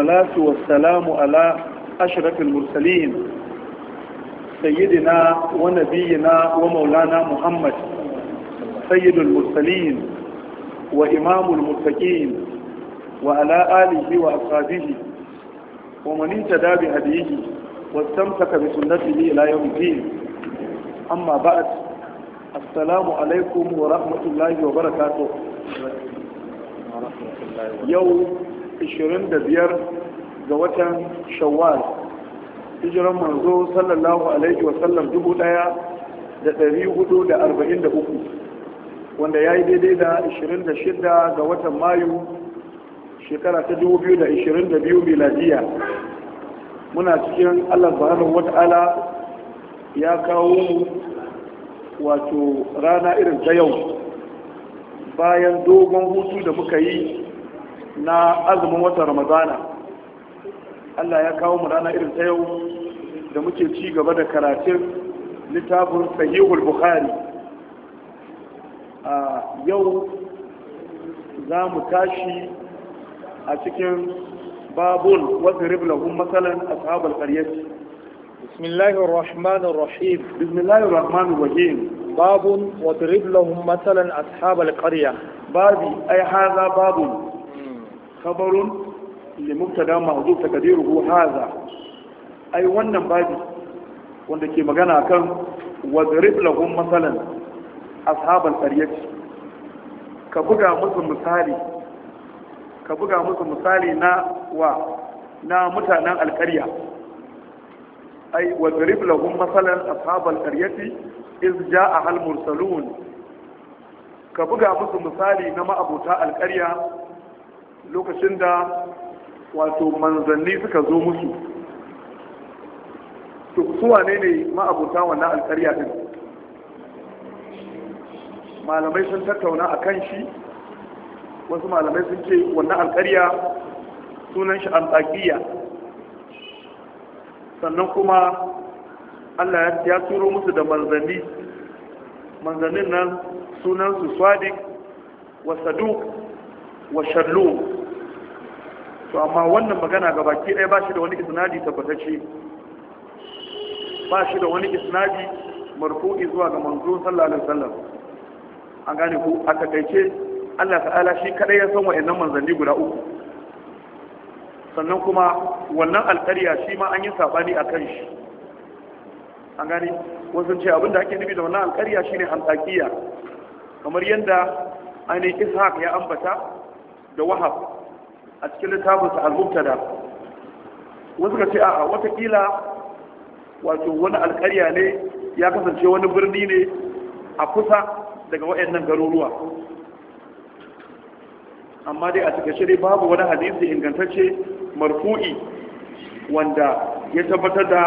salatu wassalamu ala ashrafil mursalin sayyidina wa nabiyina wa maulana muhammad sayyidul mursalin wa imamul muttaqin wa ala alihi wa ashabihi wa man intada bi hadihi wastamsaka bi sunnatihi ila yawmid din amma ba'd assalamu alaikum wa rahmatullahi wa barakatuh 25 ga watan shawwal hijiran manzo sallallahu alaihi wasallam 1443 wanda ya yi daidai da 26 ga watan mayu shekara ta 2022 miladiya muna cikin allah wata wata'ala ya kawo mu wato rana irin ta yau bayan dogon hutu da muka yi na azumin watan ramadana allah ya kawo mu rana irin ta yau da muke ci gaba da karatun littafin sahihul bukhari a yau za mu tashi a cikin babul wasu riblahun matsalan ashabar karyarci بسم الله الرحمن الرحيم بسم الله الرحمن الرحيم باب لهم مثلا أصحاب القرية بابي أي هذا باب خبر لمبتدا موضوع تقديره هذا اي ai wannan babi wanda ke magana akan wadrib lahum masalan ashaban qaryati ka buga musu misali ka buga musu misali na wa na mutanen alqarya ai wadrib lahum masalan ashabal qaryati iz jaa al mursalun ka buga musu misali na ma'abuta alqarya lokacin da wato manzanni suka zo musu to kuwa ne ne ma'abuta wannan din malamai sun tattauna a kan shi wasu malamai sun ce wannan alƙarya sunan shi tsakiya? sannan kuma allah ya turo musu da manzanni manzannin nan sunansu swadik wasaduk wa shallu to amma wannan magana ga baki ɗaya ba shi da wani isnadi tabbatacce ba shi da wani isnadi marfu'i zuwa ga manzo sallallahu alaihi wasallam an gane ku a takaice Allah ta'ala shi kadai ya san wa'annan manzanni guda uku sannan kuma wannan alƙarya shi ma an yi sabani a kan shi an gane wasu ce abinda ake nufi da wannan alƙarya shine antakiya kamar yadda ainihin ishaq ya ambata da wahab a cikin littafinsa al-mubtada wasu ka ce a watakila wato wani alkarya ne ya kasance wani birni ne a kusa daga waɗannan garuruwa amma dai a cikin shirin babu wani hadisi ingantacce marfu'i wanda ya tabbatar da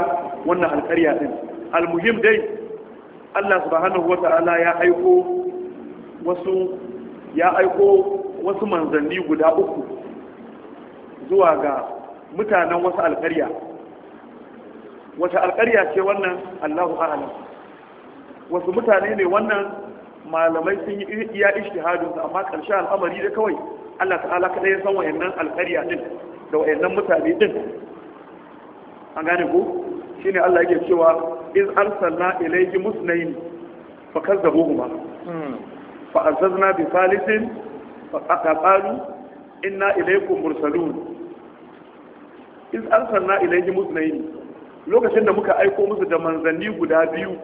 wannan alkarya din almuhim dai Allah subhanahu wata'ala ya aiko wasu ya aiko wasu manzanni guda uku zuwa ga mutanen wasu alƙarya wata alƙarya ce wannan allahu a'alam wasu mutane ne wannan malamai sun yi iya ishtihadinsu amma ƙarshen al'amari da kawai allah ta'ala kaɗai ya san wayannan alƙarya din da wayannan mutane din an gane ko shine allah yake cewa iz arsalna ilayhi musnayn fa kazzabuhuma hmm. فأززنا بثالث فقالوا إنا إليكم مرسلون إذ أرسلنا إليهم اثنين lokacin da muka aiko musu da manzanni guda biyu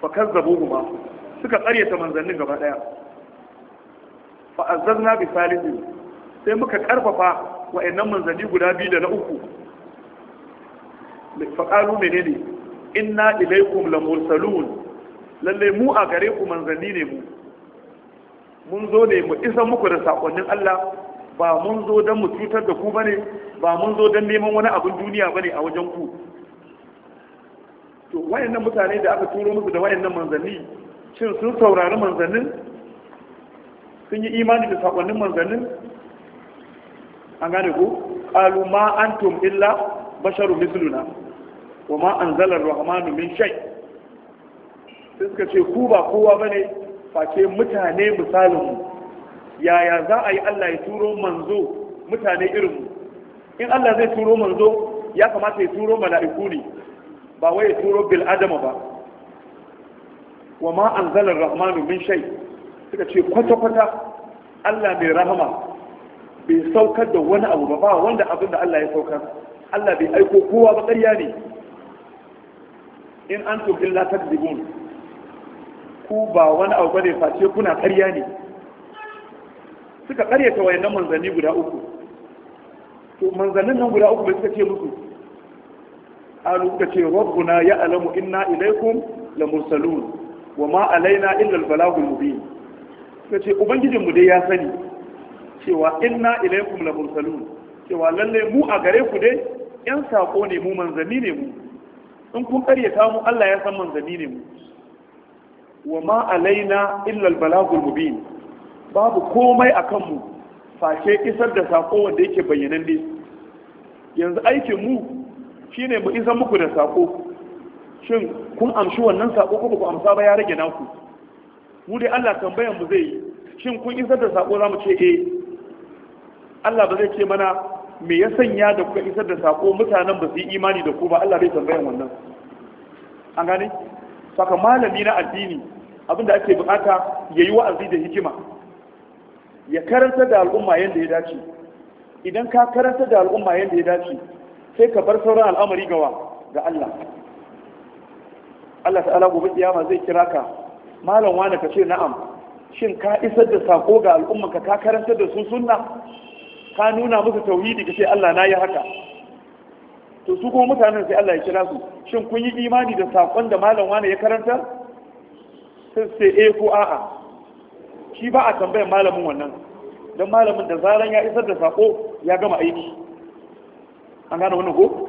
fa kazzabuhuma suka karyata manzannin gaba daya fa bi salihin sai muka ƙarfafa wa'annan manzanni guda biyu da na uku fa qalu menene inna ilaykum lamursalun lalle mu a gare ku manzanni ne mu mun zo ne mu isa muku da sakonnin Allah ba mun zo don mu cutar da ku ba ne, ba mun zo don neman wani abin duniya ba ne a wajen ku to wayannan mutane da aka turo musu da wayannan manzanni shin sun saurari manzannin sun yi imani da sakonnin manzannin an gane ku qalu ma antum illa basharu misluna wa ma anzala ar-rahmanu min shay' sai suka ce ku ba kowa bane face mutane misalinmu. yaya za a yi Allah ya turo manzo mutane irinmu? in Allah zai turo manzo ya kamata ya turo mala'iku ne ba wai ya turo bil'adama ba wa ma anzalar rahmanu min sha'i suka ce kwata-kwata Allah mai rahama bai saukar da wani abu ba ba wanda abin da Allah ya saukar Allah bai aiko kowa ba ƙarya ne in an illa takzibun ku ba wani abu bane face kuna ƙarya ne suka ƙaryata wayannan manzanni guda uku to manzannin nan guda uku bai suka ce musu alu suka ce rabbuna ya'lamu alamu inna ilaykum la mursalun wa ma alaina illa al-balagul mubin suka ce mu dai ya sani cewa inna ilaykum la mursalun cewa lalle mu a gare ku dai yan sako ne mu manzanni ne mu in kun ƙaryata mu Allah ya san manzanni ne mu wa ma alaina illa albalagul mubin babu komai akan mu face isar da sako wanda yake bayyananne yanzu aikin mu shine mu isar muku da sako shin kun amshi wannan sako ko ku amsa ba ya rage naku mu dai Allah tambayan mu zai yi shin kun isar da sako zamu ce eh Allah ba zai ce mana me ya sanya da kuka isar da sako mutanen ba su yi imani da ku ba Allah bai tambayan wannan an gane saka malami na addini abinda ake bukata ya yi wa'azi da hikima ya karanta da al'umma yadda ya dace idan ka karanta da al'umma yadda ya dace sai ka bar sauran al'amari gawa ga Allah Allah ta'ala gobe kiyama zai kira ka malam wani ka ce na'am shin ka isar da sako ga al'umma ka karanta da su sunna ka nuna musu tauhidi ka ce Allah na yi haka to su kuma mutanen sai Allah ya kira su shin kun yi imani da sakon da malam wani ya karanta sai e ce eh ko a'a shi ba a tambayar malamin wannan don malamin da zaran ya isar da sako ya gama aiki an gane wannan ko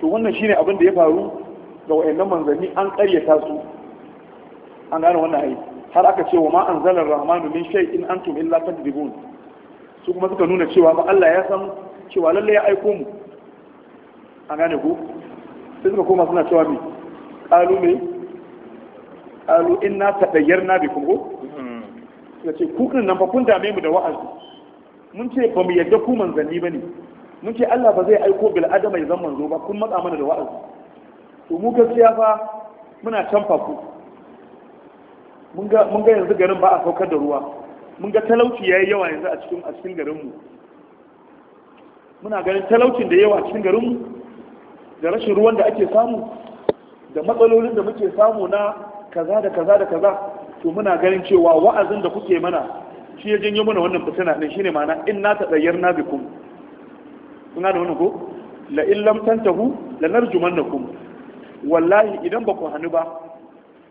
to wannan shine abin da ya faru ga wayannan manzanni an ƙaryata su an gane wannan aiki har aka ce wa ma anzalar rahmanu min shay'in antum illa tadribun su kuma suka nuna cewa ba Allah ya san cewa lalle ya aiko mu an gane ko sai suka koma suna cewa me qalu me qalu inna tadayyarna bikum ko suka ku ku nan fa kun dame mu da wa'azi mun ce ba mu yadda ku manzanni bane mun ce Allah ba zai aiko bil adama ya zama manzo ba kun matsa mana da wa'azi to mu gaskiya fa muna canfa ku mun ga mun ga yanzu garin ba a saukar da ruwa mun ga talauci yayi yawa yanzu a cikin a cikin garin mu muna ganin talaucin da yawa a cikin garin mu da rashin ruwan da ake samu da matsalolin da muke samu na kaza da kaza da kaza to muna ganin cewa wa'azin da kuke mana shi ya janyo mana wannan fitina din shine ma'ana in na ta tsayyar na bikum kun da wannan ko la in lam tantahu lanarjumannakum wallahi idan ba ku hannu ba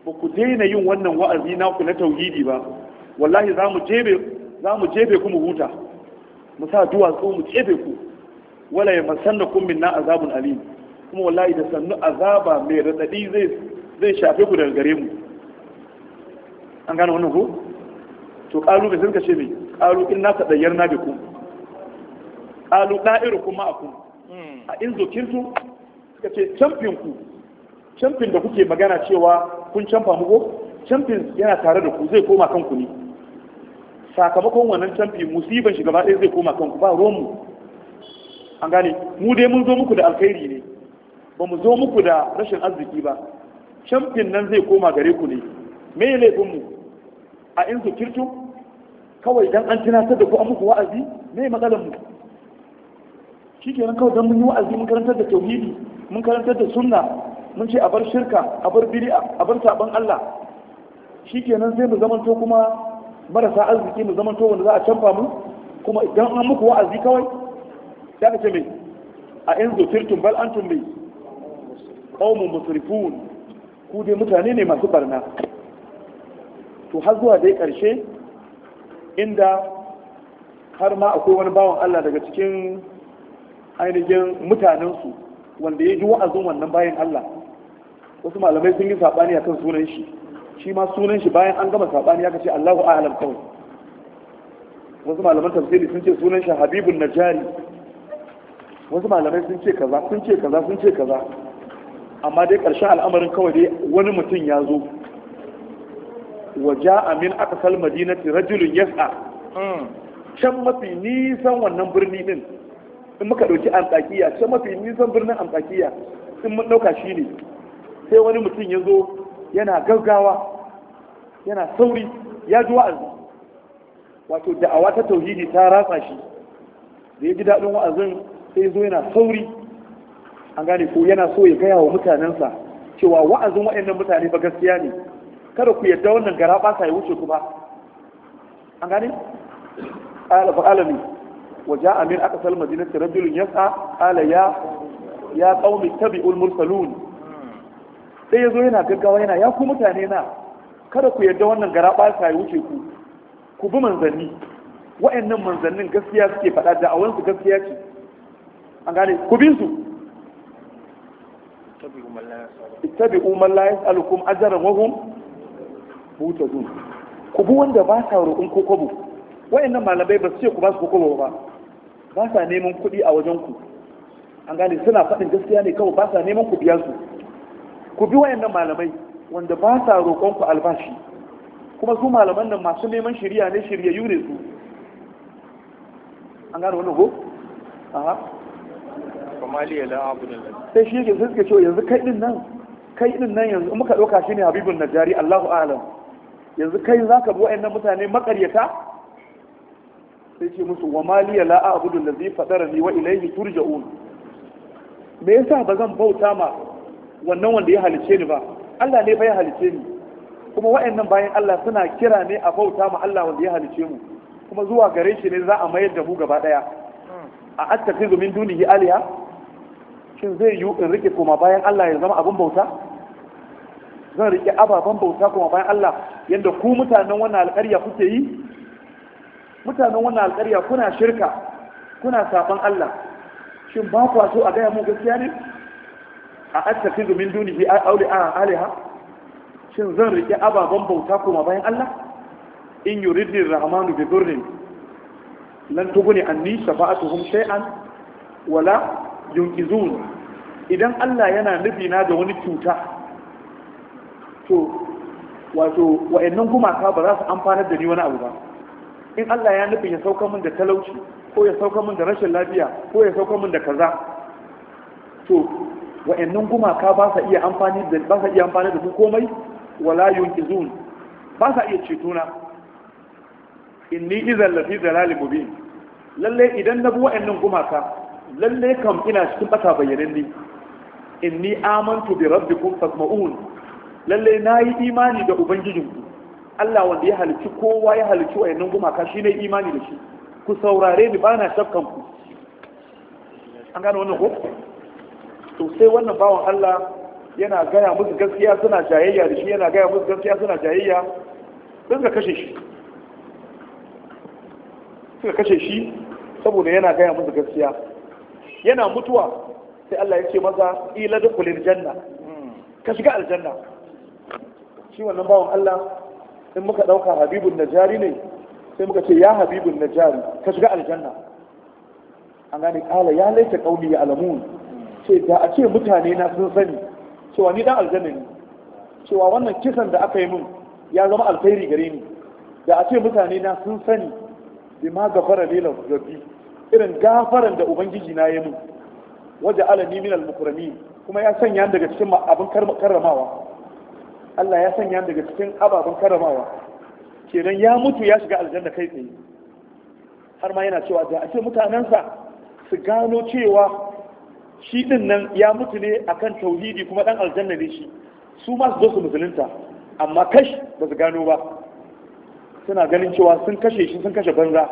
ba ku daina yin wannan wa'azi na ku na tauhidi ba wallahi za mu jebe za jebe ku mu huta mu sa duwatsu mu jebe ku wala ya minna azabun alim kuma wallahi da sannu azaba mai radadi zai zai shafi ku daga gare mu an gane wannan ko to kalu bai sun kashe mai kalu in na tadayyar na biku kalu ɗa'iru kuma kun a in su suka ce camfin ku camfin da kuke magana cewa kun camfa muku camfin yana tare da ku zai koma kanku ne sakamakon wannan camfi musiban shi gaba ɗaya zai koma kanku ba ruwan mu an gane mu dai mun zo muku da alkhairi ne ba mu zo muku da rashin arziki ba camfin nan zai koma gare ku ne me laifinmu a in su kirtu kawai dan an tunatar da ku an muku wa'azi me matsalar mu Shi nan kawai dan mun yi wa'azi mun karantar da tauhidi mun karantar da sunna mun ce a bar shirka a bar bid'a a bar saban Allah Shi nan sai mu zamanto kuma marasa arziki mu zamanto wanda za a canfa mu kuma idan an muku wa'azi kawai da ka ce me a in zo firtum bal antum bi qaumun musrifun ku dai mutane ne masu barna to har zuwa dai ƙarshe inda har ma akwai wani bawan Allah daga cikin ainihin mutanensu wanda ya ji wa'azin wannan bayan Allah wasu malamai sun yi saɓani akan sunan shi shi ma sunan shi bayan an gama saɓani aka ce Allahu a'lam kawai wasu malaman tafsiri sun ce sunan shi Habibun Najari wasu malamai sun ce kaza sun ce kaza sun ce kaza amma dai ƙarshen al'amarin kawai dai wani mutum ya zo waja amin aka sal madinati rajulun yas'a mm. can mafi nisan wannan birni din in muka ɗauki antakiya can mafi nisan birnin antakiya in mun ɗauka shi ne sai wani mutum ya zo yana gaggawa yana sauri ya ji wa'azi wato da'awa ta tauhidi ta ratsa shi da ya ji daɗin wa'azin sai zo yana sauri an gane ko yana so ya gaya wa mutanensa cewa wa'azin waɗannan mutane ba gaskiya ne kada ku yadda wannan gara ba sa ya wuce ku ba an gane ba alami wa ja'a min aqsal madinati rajulun yas'a ala ya ya qaumi tabi'ul mursalun sai yazo yana gaggawa yana ya ku mutane na kada ku yadda wannan gara ba sa ya wuce ku ku bi manzanni wa'annan manzannin gaskiya suke faɗa da awansu gaskiya ce an gane ku bin su ittabi'u man la yas'alukum ajran wa hum mutadun ku bi wanda ba sa roƙon ko kobo wayannan malamai ba su ce ku ba su kobo ba ba sa neman kuɗi a wajen ku an gane suna faɗin gaskiya ne kawai ba sa neman ku biya su ku bi wayannan malamai wanda ba sa roƙon ku albashi kuma su malaman nan masu neman shirya ne shiryayyu ne su an gane wannan ko aha sai shi yake suke cewa yanzu kai din nan kai din nan yanzu muka ɗauka shi ne habibun najari allahu alam yanzu kai za ka bi wa'annan mutane maƙaryata. sai ce musu wa maliya la a'budu allazi fadarani wa ilayhi turja'un me yasa ba zan bauta ma wannan wanda ya halice ni ba Allah ne ba ya halice ni kuma wa'annan bayan Allah suna kira ne a bauta ma Allah wanda ya halice mu kuma zuwa gare shi ne za a mayar da mu gaba daya a attakhidhu min dunihi aliha shin zai yiwu in rike koma bayan Allah ya zama abin bauta zan rike ababen bauta koma bayan Allah yadda ku mutanen wannan alƙarya kuke yi mutanen wannan alƙarya kuna shirka kuna saban Allah shin ba kwa so a gaya mu gaskiya ne a attakizu min dunihi aure a aliha shin zan rike ababen bauta koma bayan Allah in yuridni rahmanu bi dhurrin lan tuguni anni shafa'atuhum shay'an wala yunkizun idan Allah yana nufi na da wani cuta to wato wa'annan gumaka ba za su amfanar da ni wani abu ba in Allah ya nufi ya sauka min da talauci ko ya sauka min da rashin lafiya ko ya sauka min da kaza to wa'annan gumaka ba sa iya amfani da ba sa iya amfani da komai wala yunkizun ba sa iya cetona inni idan lafi dalalin mubin lalle idan na bi wa'annan gumaka lalle kam ina cikin bata bayanan ni inni amantu bi rabbikum fasma'un lalle nayi imani da ubangijinku Allah wanda ya halici kowa ya halici wayannan gumaka shine imani da shi ku saurare ni bana shakkan ku an gano wannan ko to sai wannan bawan Allah yana gaya musu gaskiya suna jayayya da shi yana gaya musu gaskiya suna jayayya sun ga kashe shi suka kashe shi saboda yana gaya musu gaskiya yana mutuwa sai Allah ya ce maza ila da kulil janna ka shiga aljanna shi wannan bawan Allah in muka dauka habibun najari ne sai muka ce ya habibun najari ka shiga aljanna an gane kala ya laita kauli ya alamun ce da a ce mutane na sun sani cewa ni dan aljanna ne cewa wannan kisan da aka yi min ya zama alkhairi gare ni da a ce mutane na sun sani ma gafara lilan rabbi irin gafaran da ubangiji na yi mun waje alani min al-mukrami kuma ya sanya daga cikin abin karramawa Allah ya sanya daga cikin ababen karramawa kenan ya mutu ya shiga aljanna kai tsaye har ma yana cewa da a ce mutanensa su gano cewa shi din nan ya mutu ne akan tauhidi kuma dan aljanna ne shi su ma su zo su musulunta amma kash ba su gano ba suna ganin cewa sun kashe shi sun kashe banza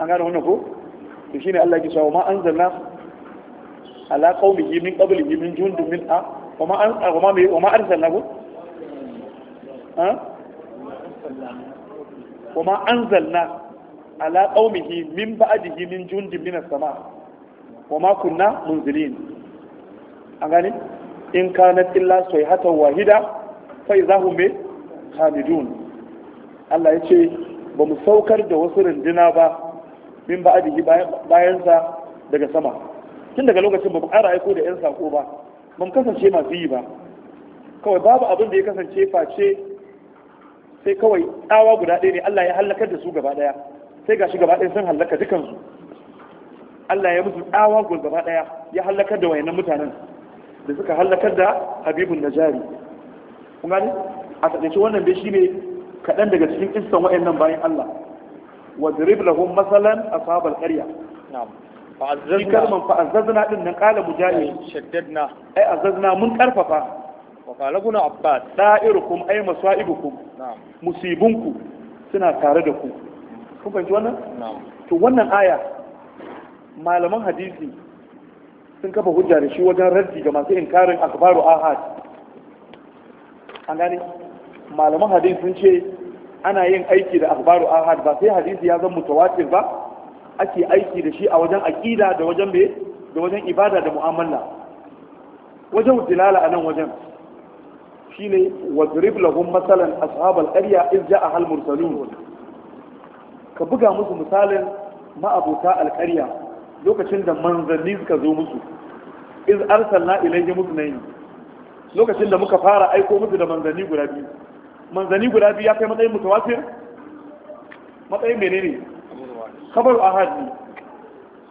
an gane wannan ko to shine Allah ke cewa ma anzalna ala qaumihi min qablihi min jundun min a wa ma an wa ma wa ma arsalna ko ha wa ma anzalna ala qaumihi min ba'dihi min jundin min as-sama wa ma kunna munzilin an gane in kanat illa sayhatan wahida fa idahum bi khalidun Allah ya ce ba mu saukar da wasu runduna ba min ba'dihi bayan sa daga sama tun daga lokacin ba mu ƙara aiko da yan sako ba ba kasance masu yi ba kawai babu abin da ya kasance face sai kawai tsawa guda ɗaya ne Allah ya halakar da su gaba ɗaya sai gashi gaba ɗaya sun halaka dukansu Allah ya musu tsawa gaba ɗaya ya halakar da wayannan mutanen da suka halakar da Habibun Najari kuma ne a taƙaice wannan dai ne kaɗan daga cikin kissan wayannan bayan Allah wadrib lahum masalan ashabal qarya fa'azzazna kalman azzazna din nan qala mujahid shaddadna ai azzazna mun karfafa wa qala ibn abbas da'irukum ay masaibukum musibunku suna tare da ku kun fahimci wannan to wannan aya malaman hadisi sun kafa hujja da shi wajen raddi ga masu inkarin akbaru ahad an gane malaman hadisi sun ce ana yin aiki da akhbaru ahad ba sai hadisi ya zama mutawatir ba ake aiki da shi a wajen aqida da wajen me da wajen ibada da mu'amala wajen dilala a nan wajen shine wadrib lahum masalan ashabal qarya iz ja'a al mursalun ka buga musu misalin ma'abuta alƙarya lokacin da manzanni suka zo musu iz arsalna ilayhi mutnayn lokacin da muka fara aiko musu da manzanni guda biyu manzani guda biyu ya kai matsayin mutawatir matsayin menene kabar ahad ne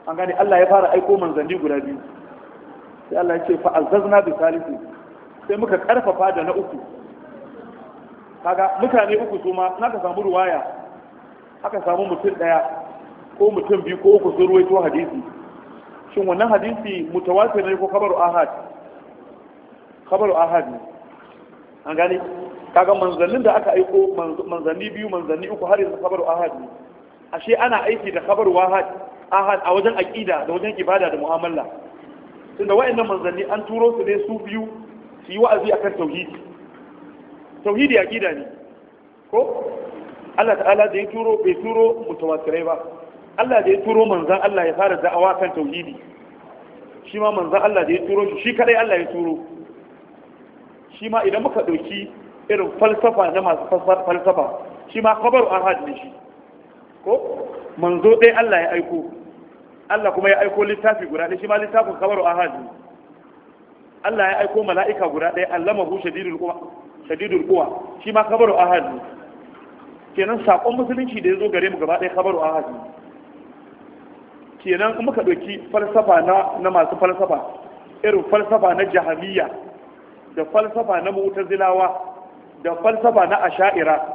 an gane Allah ya fara aiko Manzani guda biyu sai Allah ya ce fa azzazna bi salisu sai muka karfafa da na uku kaga mutane uku su ma naka samu ruwaya aka samu mutum daya ko mutum biyu ko uku sun ruwaito hadisi shin wannan hadisi mutawatir ne ko kabaru ahad kabaru ahad ne an gane kaga manzannin da aka aiko manzanni biyu manzanni uku har yanzu khabaru ahad ne ashe ana aiki da khabaru ahad ahad a wajen aqida da wajen ibada da mu'amala tunda wa'annan manzanni an turo su ne su biyu su yi wa'azi akan tauhidi tauhidi aqida ne ko Allah ta'ala da ya turo bai turo mutawatirai ba Allah da ya turo manzan Allah ya fara da'awa kan tauhidi shi ma manzan Allah da ya turo shi shi kadai Allah ya turo shi ma idan muka ɗauki irin falsafa na masu falsafa shi ma kabaru ahad ne shi ko manzo ɗaya Allah ya aiko Allah kuma ya aiko littafi guda ɗaya shi ma littafin kabaru ahad ne Allah ya aiko mala'ika guda ɗaya Allama Hu, quwa shadidul kuwa shi ma kabaru ahad ne kenan saƙon musulunci da ya zo gare mu gaba ɗaya kabaru ahad ne kenan muka ɗauki falsafa na masu falsafa irin falsafa na jahamiyya da falsafa na mu'tazilawa da falsafa na asha'ira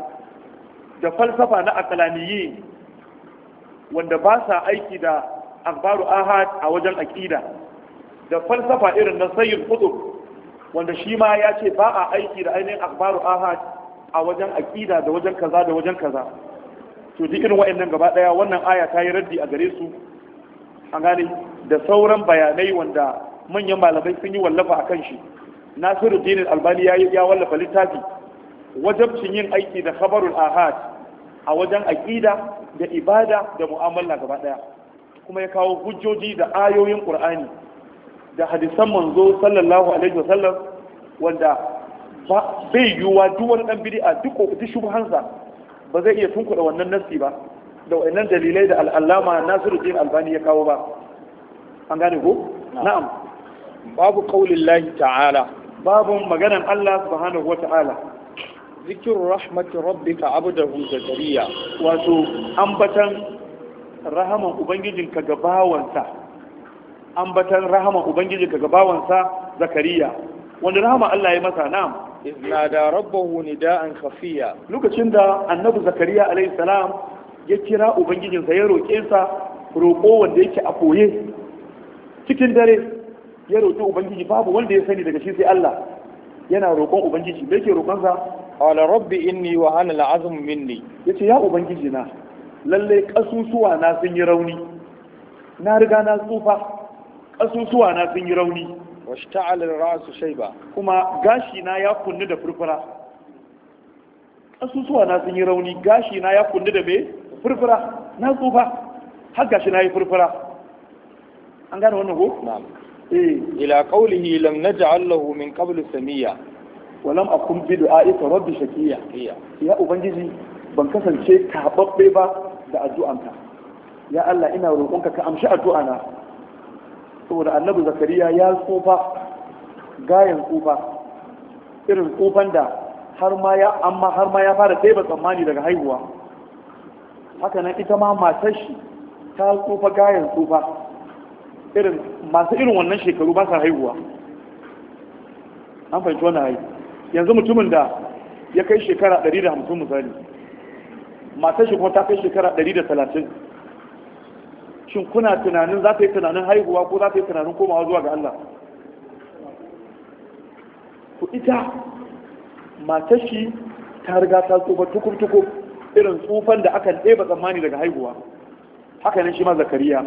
da falsafa na aqlaniyi wanda ba sa aiki da akbaru ahad a wajen aqida da falsafa irin na sayyid qutb wanda shi ma ya ce ba a aiki da ainihin akbaru ahad a wajen aqida da wajen kaza da wajen kaza to duk irin wa'annan gaba daya wannan aya ta yi raddi a gare su an gane da sauran bayanai wanda manyan malamai sun yi wallafa a kan shi nasiru dinin albani ya wallafa littafi wajabcin yin aiki da khabarul ahad a wajen aqida da ibada da mu'amala gaba daya kuma ya kawo hujjoji da ayoyin qur'ani da hadisan manzo sallallahu alaihi wasallam wanda bai yiwuwa duk wani dan bid'a duk duk shubhansa ba zai iya tunkuɗa wannan nasi ba da wannan dalilai da al'allama Nasiruddin Albani ya kawo ba an gane ko na'am babu qaulin ta'ala Babu maganan Allah subhanahu wata'ala zikir rahmatin rabbika abdahu zakariya wato ambatan rahaman ubangijinka ga bawansa ambatan rahaman ubangijinka ga bawansa zakariya wanda rahama Allah ya masa na'am izna da rabbahu nida'an khafiya lokacin da annabi zakariya alayhi salam ya kira ubangijinsa ya roƙe sa roƙo wanda yake a koye cikin dare ya roƙi ubangiji babu wanda ya sani daga shi sai Allah yana roƙon ubangiji me yake roƙon sa qala rabbi inni wa hana al'azmu minni yace ya ubangiji na lalle kasusuwa na sun yi rauni na riga na tsufa kasusuwa na sun yi rauni washta'al ra'su shayba kuma gashi na ya kunni da furfura kasusuwa na sun yi rauni gashi na ya kunni da me furfura na tsufa har gashi na yi furfura an gane wannan ko na'am ila qawlihi lam naj'al lahu min qablu samia wa lam akun bi du'a'ika rabbi shakiya ya ubangiji ban kasance tababbe ba da addu'anka ya Allah ina roƙonka ka amshi addu'ana saboda annabi zakariya ya tsufa gayan tsufa irin tsufan da har ma ya amma har ma ya fara taiba tsammani daga haihuwa haka nan ita ma matar shi ta tsufa gayan tsufa irin masu irin wannan shekaru ba sa haihuwa an fahimci wannan haihu yanzu mutumin da ya kai shekara 150 misali matar shi kuma ta kai shekara 130 shin kuna tunanin za ta yi tunanin haihuwa ko za ta yi tunanin komawa zuwa ga Allah ku ita matar shi ta riga ta tsofa tukur-tukur irin tsufan da aka ɗeba tsammani daga haihuwa haka nan shi ma zakariya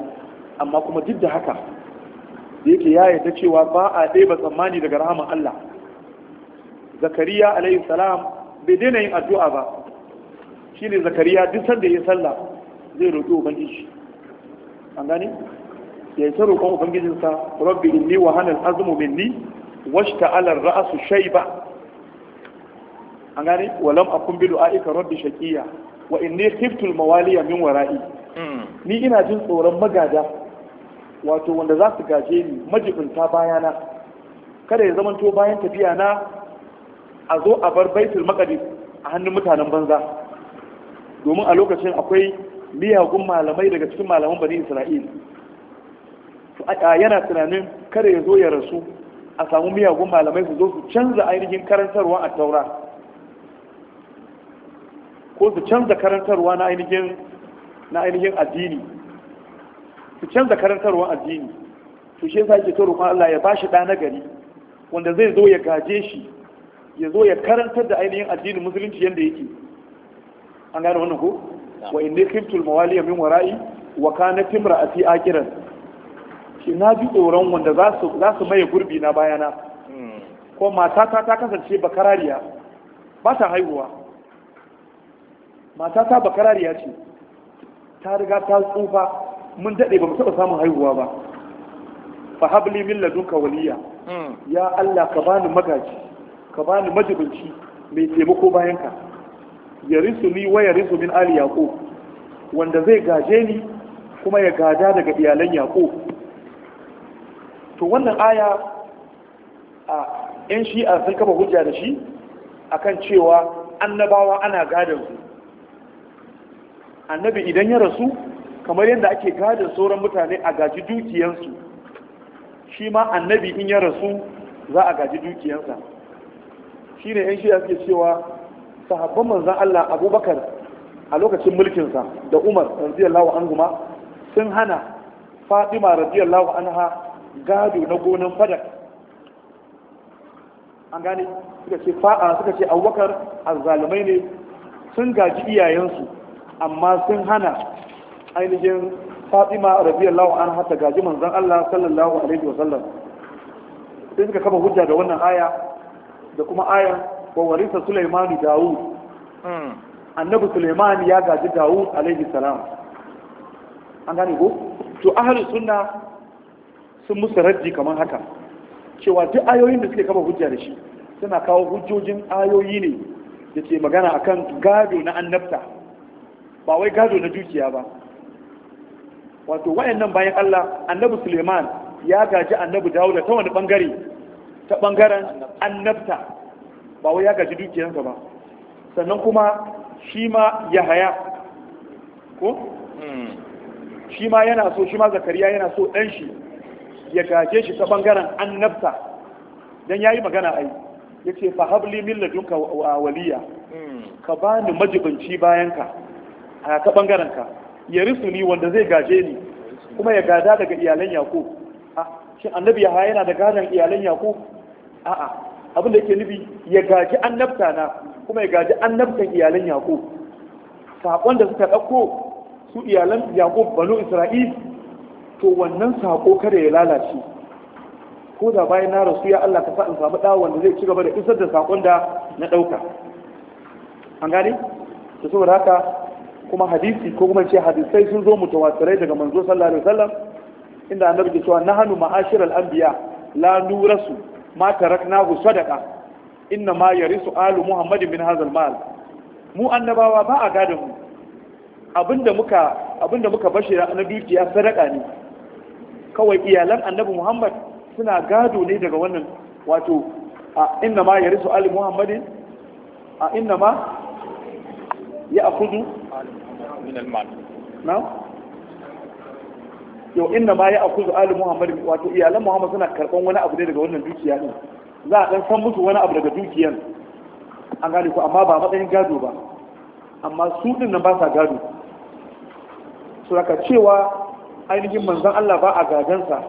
amma kuma duk da haka da yake ya yarda cewa ba a ɗeba tsammani daga rahaman Allah zakariya alayhi salam bai daina yin addu'a ba Shi ne zakariya duk sanda ya sallah zai roƙi ubangiji an gane ya yi ta roƙon ubangijinsa rabbi inni wa hanal azmu minni washta'ala ra'su shayba an gane walam akun bi du'aika rabbi shaqiya wa inni khiftu al-mawaliya min wara'i hmm. ni ina jin tsoron magada wato wanda za su gaje ni majibinta bayana kada ya zamanto bayan tafiya na a zo a bar baitul maqdis a hannun mutanen banza domin a lokacin akwai miyagun malamai daga cikin malaman bani isra'il yana tunanin kada ya zo ya rasu a samu miyagun malamai su zo su canza ainihin karantarwa a taura ko su canza karantarwa na ainihin na ainihin addini su canza karantarwar addini to shi yasa yake ta Allah ya bashi ɗa nagari wanda zai zo ya gaje shi ya zo ya karantar da ainihin addinin musulunci yadda yake an gane wannan ko wa inni mawali mawaliya min wara'i wa kanat imra'ati akiran shi na bi tsoron wanda za su za su maye gurbi na bayana hmm. ko matata ta kasance bakarariya ba ta haihuwa matata bakarariya ce ta riga ta tsufa mun daɗe ba mu taɓa samun haihuwa ba fa habli min ladunka waliya hmm. ya Allah ka bani magaji ka bani majibinci mai taimako bayan ka risu ni wa risu min ali yaqub wanda zai gaje ni kuma ya gada daga iyalan yaqub to wannan aya a yan shi'a sun kafa hujja da shi akan cewa annabawa ana gadon su annabi idan ya rasu kamar yadda ake gadin sauran mutane a gaji dukiyansu shi ma annabi in ya rasu za a gaji dukiyansa shi ne 'yan shi suke cewa sahabban manzan Allah abubakar a lokacin mulkinsa da umar radiyallahu an guma sun hana fatima radiyallahu anha gado na gonan fadak an gane suka ce fa'a suka ce abubakar azzalumai ne sun gaji iyayensu amma sun hana ainihin fatima radiyallahu an hata gaji manzon Allah sallallahu alaihi wa sallam sai suka kama hujja da wannan aya da kuma ayan wa warisa Sulaiman Da'ud, hmm. annabi Sulaiman ya gaji Da'ud alaihi salam an gane ko to ahlus sunna sun musu raddi kamar haka cewa duk ayoyin da suke kama hujja da shi suna kawo hujjojin ayoyi ne da ke magana akan gado na annabta ba wai gado na dukiya ba wato wayannan bayan Allah annabi Suleiman ya gaji annabi Dawud ta wani bangare ta bangaren annabta ba wai ya gaji dukiyarsa ba sannan kuma shi ma Yahaya ko hmm. shi ma yana so shi ma Zakariya yana so dan shi ya gaje shi ta bangaren annabta dan yayi magana ai yace fa habli min ladunka waliya hmm. ka bani majibanci bayan a ta bangaren ka ya risuni wanda zai gaje ni kuma ya gada daga iyalan yakub a shin annabi ya yana da gadan iyalan yakub a'a abin da yake nufi ya gaji annabta na kuma ya gaji annabtan iyalan yakub sakon da suka ɗauko su iyalan yakub Balo isra'il to wannan sako kada ya lalace ko da bayan na rasu ya Allah ka sa in samu da wanda zai ci gaba da isar da sakon da na ɗauka. an gane to saboda haka kuma hadisi ko kuma ce hadisai sun zo mutawatirai daga manzo sallallahu alaihi wasallam inda annabi ke cewa nahnu ma'ashir al-anbiya la nurasu ma taraknahu sadaqa inna ma yarisu alu muhammadin bin hazal mal mu annabawa ba a gada mu abinda muka abinda muka bashi na dukiya sadaka ne kawai iyalan annabi muhammad suna gado ne daga wannan wato a inna ma yarisu alu muhammadin a inna ma ya akudu min al-mal yau inna ma ya akuzu ali muhammad wato iyalan muhammad suna karban wani abu ne daga wannan dukiya ne za a dan san musu wani abu daga dukiyar an gane ku amma ba matsayin gado ba amma su din nan ba sa gado su haka cewa ainihin manzon Allah ba a gadansa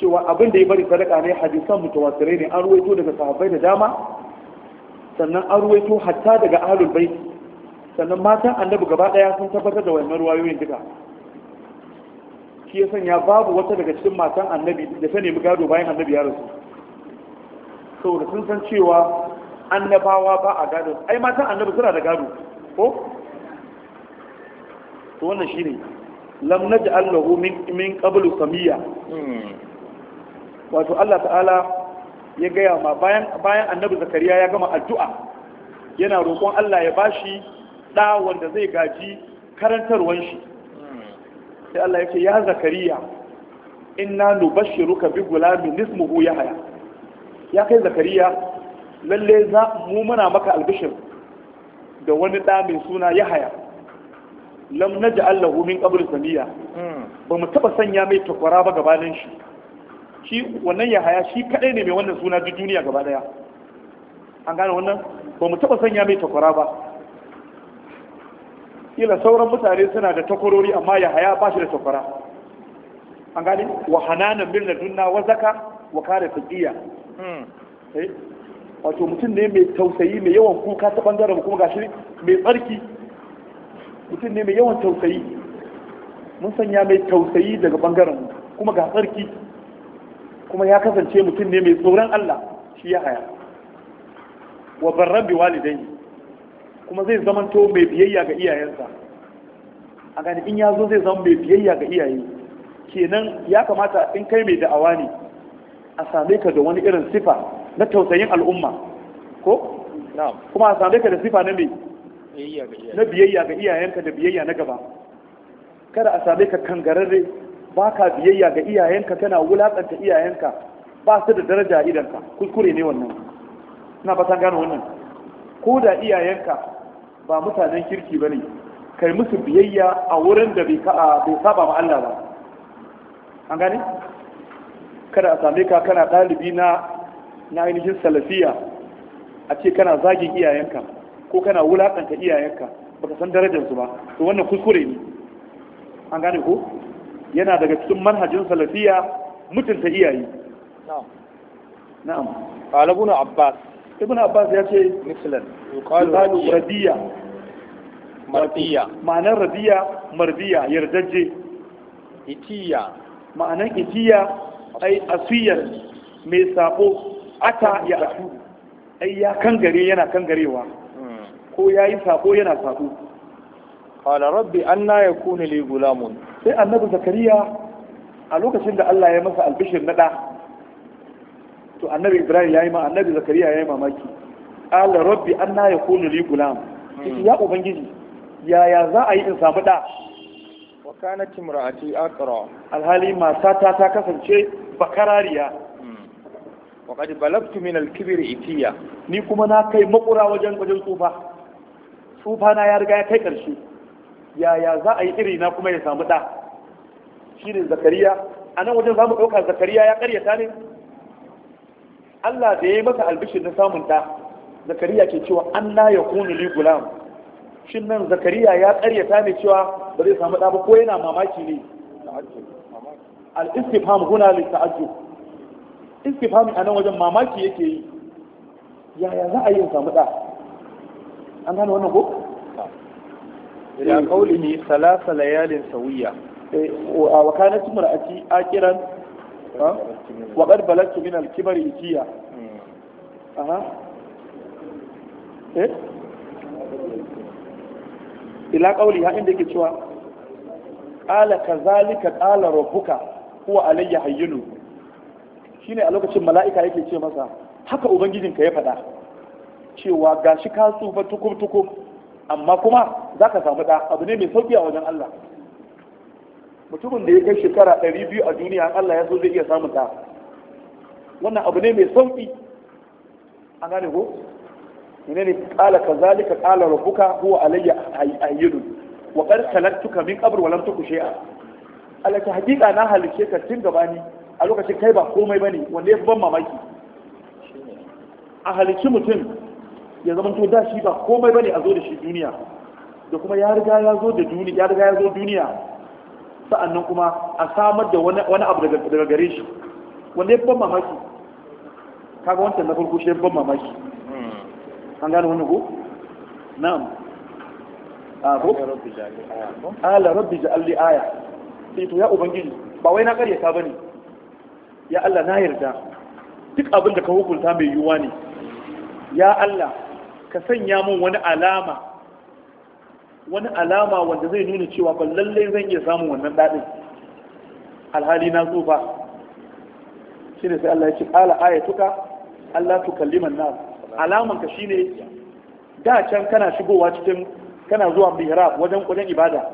cewa abin da ya bari sadaka ne hadisan mutawatirai ne an ruwaito daga sahabbai da dama sannan an ruwaito hatta daga ahlul baiti sannan matan annabi gaba daya sun tabbatar da wannan ruwayoyin duka shi ya sanya babu wata daga cikin matan annabi da ta nemi gado bayan annabi ya rasu saboda sun san cewa annabawa ba a gado ai matan annabi suna da gado ko to wannan shine lam naj'al lahu min min qablu samiya wato Allah ta'ala ya gaya ma bayan annabi zakariya ya gama addu'a yana roƙon Allah ya bashi ɗa wanda zai gaji karantarwan shi sai Allah ya ce ya zakariya inna nubashshiruka bi gulamin ismuhu yahya ya kai zakariya lalle za mu muna maka albishir da wani ɗa mai suna yahya lam ji Allah min ƙabar samiya ba mu taba sanya mai takwara ba gabanin shi shi wannan haya shi kadai ne mai wannan suna duniya gaba daya an gane wannan ba mu taba sanya mai takwara ba kila sauran mutane suna da takwarori amma ya haya ba shi da takwara an gane wa hananan bin dunna wa zaka wa kare taqiya hmm. eh? wato mutum ne mai tausayi mai yawan kuka ta bangaren kuma gashi mai tsarki mutum ne mai yawan tausayi mun sanya mai tausayi daga bangaren kuma ga tsarki kuma ya kasance mutum ne mai tsoron Allah shi ya haya wa barran bi walidai kuma zai zamanto mai biyayya ga iyayensa a gani in ya zo zai zama mai biyayya ga iyaye kenan ya kamata in kai mai da'awa ne a same ka da wani irin sifa na tausayin al'umma ko kuma a same ka da sifa na mai na biyayya ga iyayenka da biyayya na gaba kada a same ka kangararre ba ka biyayya ga iyayenka kana wulatsanta iyayenka ba su da daraja idanka kuskure ne wannan ina fatan gano wannan ko da iyayenka ba mutanen kirki ba ne kai musu biyayya a wurin da bai saba ma Allah ba an gane kada a same ka kana ɗalibi na na ainihin salafiya a ce kana zagin iyayenka ko kana wulaƙanta iyayenka baka san darajarsu ba to wannan kuskure ne an gane ko yana daga cikin manhajin salafiya mutunta iyaye na'am na'am abbas ibn abbas ya ce mislan yuqalu radiya mardiya ma'anar radiya mardiya yardaje itiya ma'anar itiya ai asiyar mai sabo ata ya asu ai ya kangare yana kangarewa hmm. ko ya yi sabo yana sabo qala rabbi anna yakunu li gulamun sai annabi zakariya a lokacin da Allah ya masa albishir na da to annabi ibrahim ya yi ma annabi zakariya ya yi mamaki ala rabbi an na ya kone li gulam ya ubangiji yaya za a yi in samu da wa kana timra'ati aqra alhali matata ta kasance bakarariya wa qad balagtu min al-kibr itiya ni kuma na kai makura wajen wajen tsufa tsufa na ya riga ya kai karshe yaya za a yi iri na kuma ya samu da shi ne zakariya a nan wajen za mu ɗauka zakariya ya karyata ne Allah da ya yi maka albishir na samun ɗa zakariya ke cewa an na ya kunu li gulam shin nan zakariya ya karyata ne cewa ba zai samu ɗa ba ko yana mamaki ne al-istifham huna li ta'ajjub istifham anan wajen mamaki yake yi yaya za a yi samu ɗa an gane wannan ko ya kauli ni salasa layalin sawiya eh, wa kanat imra'ati akiran wa qad balagtu min al-kibari itiya aha eh ila qawli ha inda yake cewa qala kazalika qala rabbuka shine a lokacin mala'ika yake ce masa haka ubangijinka ya faɗa cewa gashi ka tsufa tukub amma kuma zaka samu ɗa abu ne mai sauki a wajen Allah mutumin da ya kai shekara ɗari biyu a duniya Allah ya so zai iya samun ta wannan abu ne mai sauki an gane ko ne ne kala kazalika kala rabbuka huwa alayya ayyidu wa qad khalaqtuka min qabl wa lam tuku shay'a Allah ta hakika na halice ka tun gabani a lokacin kai ba komai bane wanda yafi ban mamaki a halici mutum ya zama to da shi ba komai bane a zo da shi duniya da kuma ya riga ya zo da duniya ya riga ya zo duniya sa'annan kuma a samar da wani abu daga gare shi wanda ya ban mamaki kaga wancan na farko shi ya ban mamaki hmm. an gane wani ko na'am aho ala rabbi ja'alli aya sai to ya ubangiji ba wai na karyata bane ya Allah na yarda duk abin da ka hukunta mai yiwuwa ne ya Allah ka sanya min wani alama wani alama wanda zai nuna cewa ba lallai zan iya samun wannan daɗin alhali na tsufa shi ne sai Allah ya ce ala ayatuka Allah tu kalliman nas alaman ka shine da can kana shigowa cikin kana zuwa mihrab wajen wajen ibada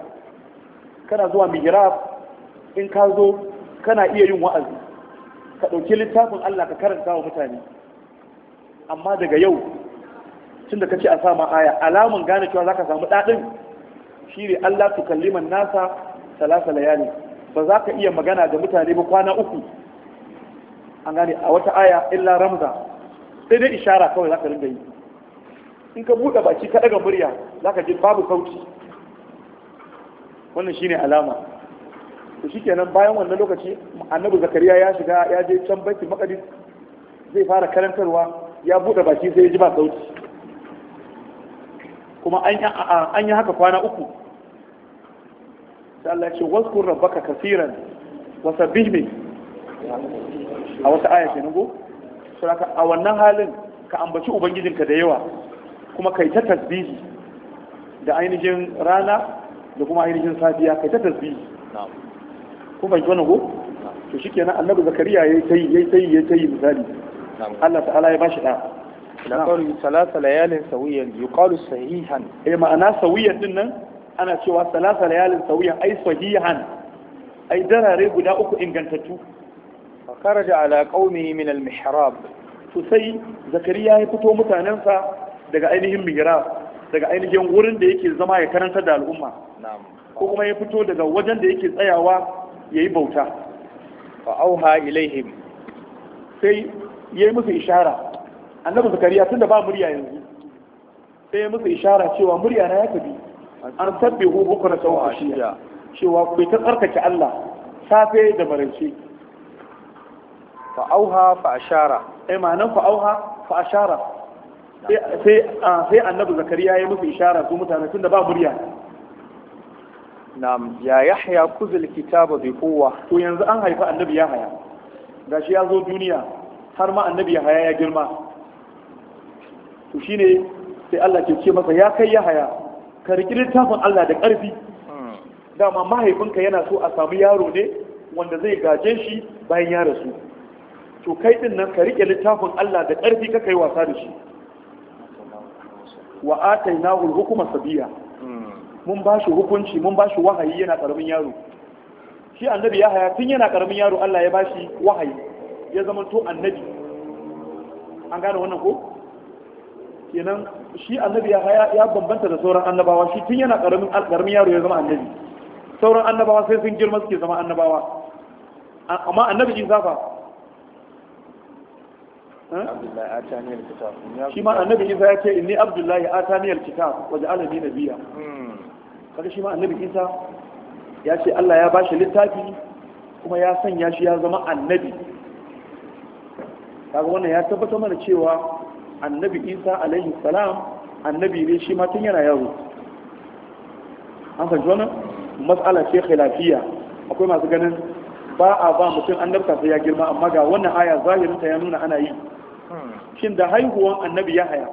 kana zuwa mihrab in ka zo kana iya yin wa'azi ka ɗauki littafin Allah ka karanta wa mutane amma daga yau tun da ka ce a sama aya alamun gane cewa za ka samu daɗin shine Allah su kalliman nasa salasa layali ba za ka iya magana da mutane ba kwana uku an gane a wata aya illa ramza sai dai ishara kawai za ka rinda yi in ka buɗe baki ka ɗaga murya za ka ji babu sauti wannan shine alama to kenan bayan wannan lokaci annabi zakariya ya shiga ya je can baiti maƙadis zai fara karantarwa ya buɗe baki sai ya ji ba sauti kuma an yi haka kwana uku Da Allah ce wazkur rabbaka kaseeran wa sabbih bi a wata aya kenan go saboda a wannan halin ka ambaci ubangijinka da yawa kuma kai ta tasbihi da ainihin rana da kuma ainihin safiya kai ta tasbihi kun fahimci wannan ko to shikenan annabi zakariya ta tayi yayi tayi ta tayi misali Allah ta'ala ya bashi da da kawai salasa layalin sawiyan yuqalu sahihan eh ma'ana sawiyan din nan ana cewa salasa layalin sawiyan ai sahihan ai darare guda uku ingantattu fa kharaja ala qaumihi min al mihrab to sai zakariya ya fito mutanensa daga ainihin mihrab daga ainihin wurin da yake zama ya karanta da al'umma ko kuma ya fito daga wajen da yake tsayawa yayi bauta fa auha ilaihim sai ya yi musu ishara annabi zakariya da ba murya yanzu sai ya musu ishara cewa murya na ya tafi an sabbe hu bukra sau ashiya cewa ku ta tsarkake Allah safe da marance fa auha fa ashara eh ma'anan fa auha fa ashara sai sai annabi zakariya ya musu ishara su mutane da ba murya na'am ya yahya kuzul kitaba bi quwwa to yanzu an haifa annabi ya haya gashi ya zo duniya har ma annabi ya haya ya girma to shine sai Allah ke ce masa ya kai ya haya. ka riƙi littafin Allah da ƙarfi hmm. dama mahaifinka yana so a samu yaro ne wanda zai gaje shi bayan ya rasu to kai din nan ka riƙe littafin Allah da ƙarfi ka kai wasa da shi wa hu hukuma sabiya hmm. mun ba shi hukunci mun ba shi wahayi yana karamin yaro shi annabi ya haya tun yana karamin yaro Allah ya ba shi wahayi ya zama to annabi an gane wannan ko kenan shi annabi ya bambanta da sauran annabawa shi tun yana karamin karamin yaro ya zama annabi sauran annabawa sai sun girma suke zama annabawa amma annabi Isa zafa shi ma annabi Isa ya ce inni abdullahi atani alkitab wa ni nabiyya hmm. kaga shi ma annabi Isa ya ce Allah ya bashi littafi kuma ya sanya shi ya zama annabi kaga wannan ya tabbata mana cewa annabi isa alaihi salam annabi ne shi ma tun yana yaro an fahimci wannan matsala ce khilafiya akwai masu ganin ba a ba mutum annabta sai ya girma amma ga wannan aya zahirin ta ya nuna ana yi shin da haihuwan annabi ya haya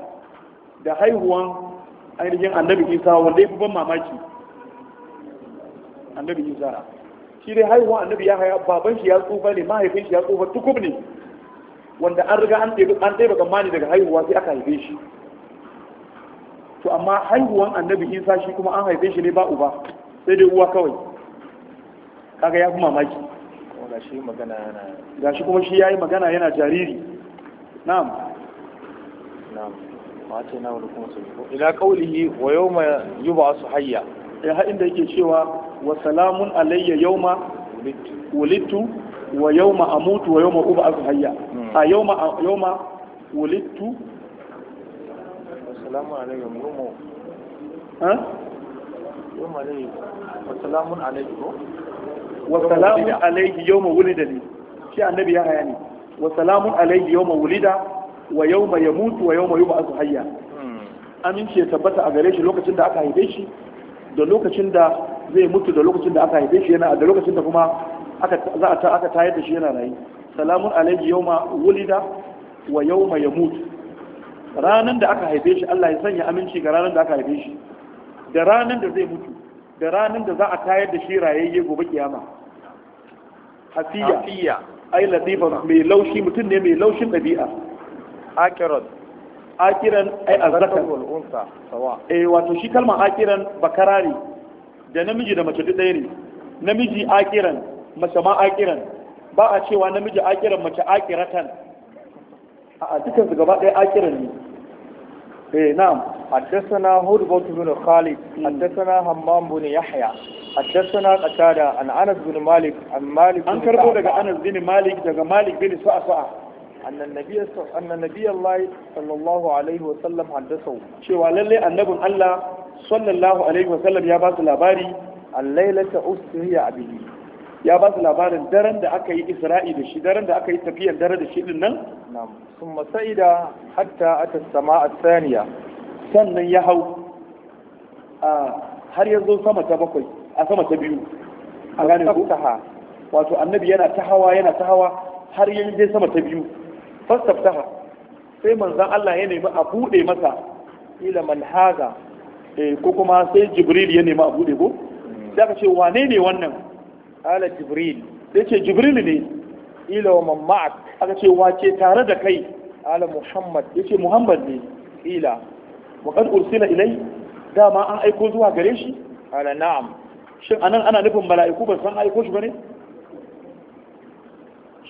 da haihuwan ainihin annabi isa wanda ya fi ban mamaki annabi isa shi dai haihuwan annabi ya haya baban shi ya tsufa ne mahaifin shi ya tsufa tukub ne wanda an riga an ɗebi an ɗebi daga haihuwa sai aka haife shi to amma haihuwan annabi isa shi kuma an haife shi ne ba uba sai dai uwa kawai kaga ya fi mamaki gashi kuma shi ya yi magana yana jariri na'am na'am na wani kuma ila kaulihi wa yawma hayya ya eh, haɗin da yake cewa wa salamun alayya ma wulittu wa yawma amutu wa yawma azu hayya hmm. a yawma yawma wulidtu assalamu alaikum yawma ha yawma alaikum assalamu alaikum wa salamun alaihi yawma wulida li shi annabi ya haya ne wa salamun alaihi yawma wulida wa yawma yamutu wa yawma azu hayya hmm. aminci ya tabbata a gare shi lokacin da aka haife shi da lokacin da zai mutu da lokacin da aka haife shi yana da lokacin da kuma za a aka tayar da shi yana rayu salamun alaihi yawma wulida wa ya mutu. ranan da aka haife shi Allah ya sanya aminci ga ranan da aka haife shi da ranan da zai mutu da ranan da za a tayar da shi rayayye gobe kiyama hafiya ai latifa mai laushi mutum ne mai laushin dabi'a akiran akiran ai azzakar wal unsa sawa eh wato shi kalmar akiran bakara ne da namiji da mace duk ɗaya ne namiji akiran mace ma akiran ba a cewa namiji akiran mace akiratan a cikin su gaba ɗaya akiran ne eh na'am haddathana hudbat bin khalid hmm. haddathana hammam bin yahya haddathana qatada an anas bin malik malik an karbo daga anas bin malik daga malik bin sa'sa أن النبي أن النبي الله صلى الله عليه وسلم حدثه شو على اللي أن نبي الله صلى الله عليه وسلم يا باس الأباري الليلة أسرية به ya ba su labarin daren da aka yi isra'i da shi daren da aka yi tafiyar daren da shi din nan sun masa'ida hatta ata sama a saniya sannan ya hau har ya zo sama ta bakwai a sama ta biyu a gane ko wato annabi yana ta hawa yana ta hawa har ya je sama ta biyu fastaftaha sai manzon Allah ya nemi a buɗe masa ila man haza eh, ko kuma sai jibril ya nemi a buɗe ko da hmm. ka ce wane ne wannan ala jibril yace jibril ne ila wa ma'ak aka ce wace tare da kai ala muhammad yace muhammad ne ila wa qad ursila ilai dama an aiko zuwa gare shi ala na'am shin anan ana nufin mala'iku ba san aiko shi bane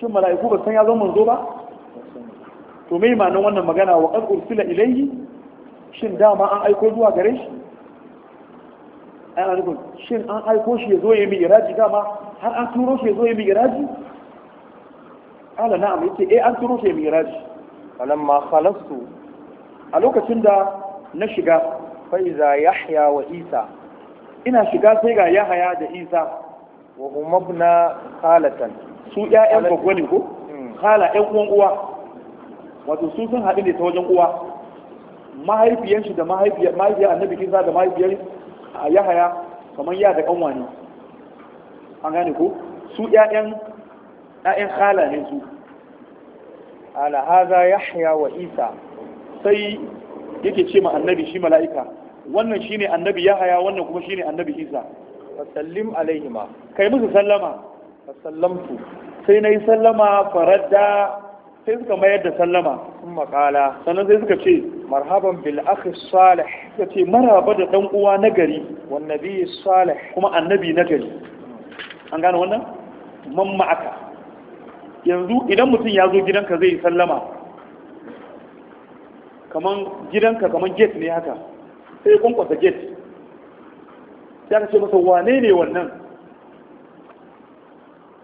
shin mala'iku ba san ya zo manzo ba to me ma'anar wannan magana wa qad ursila ilayhi shin dama an aiko zuwa gare shi ana nufin shin an aiko shi ya zo ya yi iraji dama har an turo shi ya zo ya yi iraji ala na'am yace eh an turo shi ya yi iraji falamma khalastu a lokacin da na shiga fa iza yahya wa isa ina shiga sai ga yahaya da isa wa humabna khalatan su ƴaƴan gwagwa ne ko hmm. khala ƴan uwan uwa wato su sun haɗu ne ta wajen uwa mahaifiyan shi da mahaifiyar annabi kisa da mahaifiyar a yahaya kamar ya da kanwa an gane ko su ƴaƴan ƴaƴan khala ne su ala hadha yahya wa isa sai yake ce ma annabi shi mala'ika wannan shine annabi yahaya wannan kuma shine annabi isa fasallim alaihima kai musu sallama fasallamtu sai nayi sallama faradda sai suka mayar da sallama sun makala sannan sai suka ce marhaban bil akhi salih suka ce maraba da dan uwa nagari wan nabi salih kuma annabi nagari an gane wannan man ma'aka yanzu idan mutum ya zo gidanka zai sallama kaman gidanka kaman gate ne haka sai kwankwasa gate sai aka ce masa wane ne wannan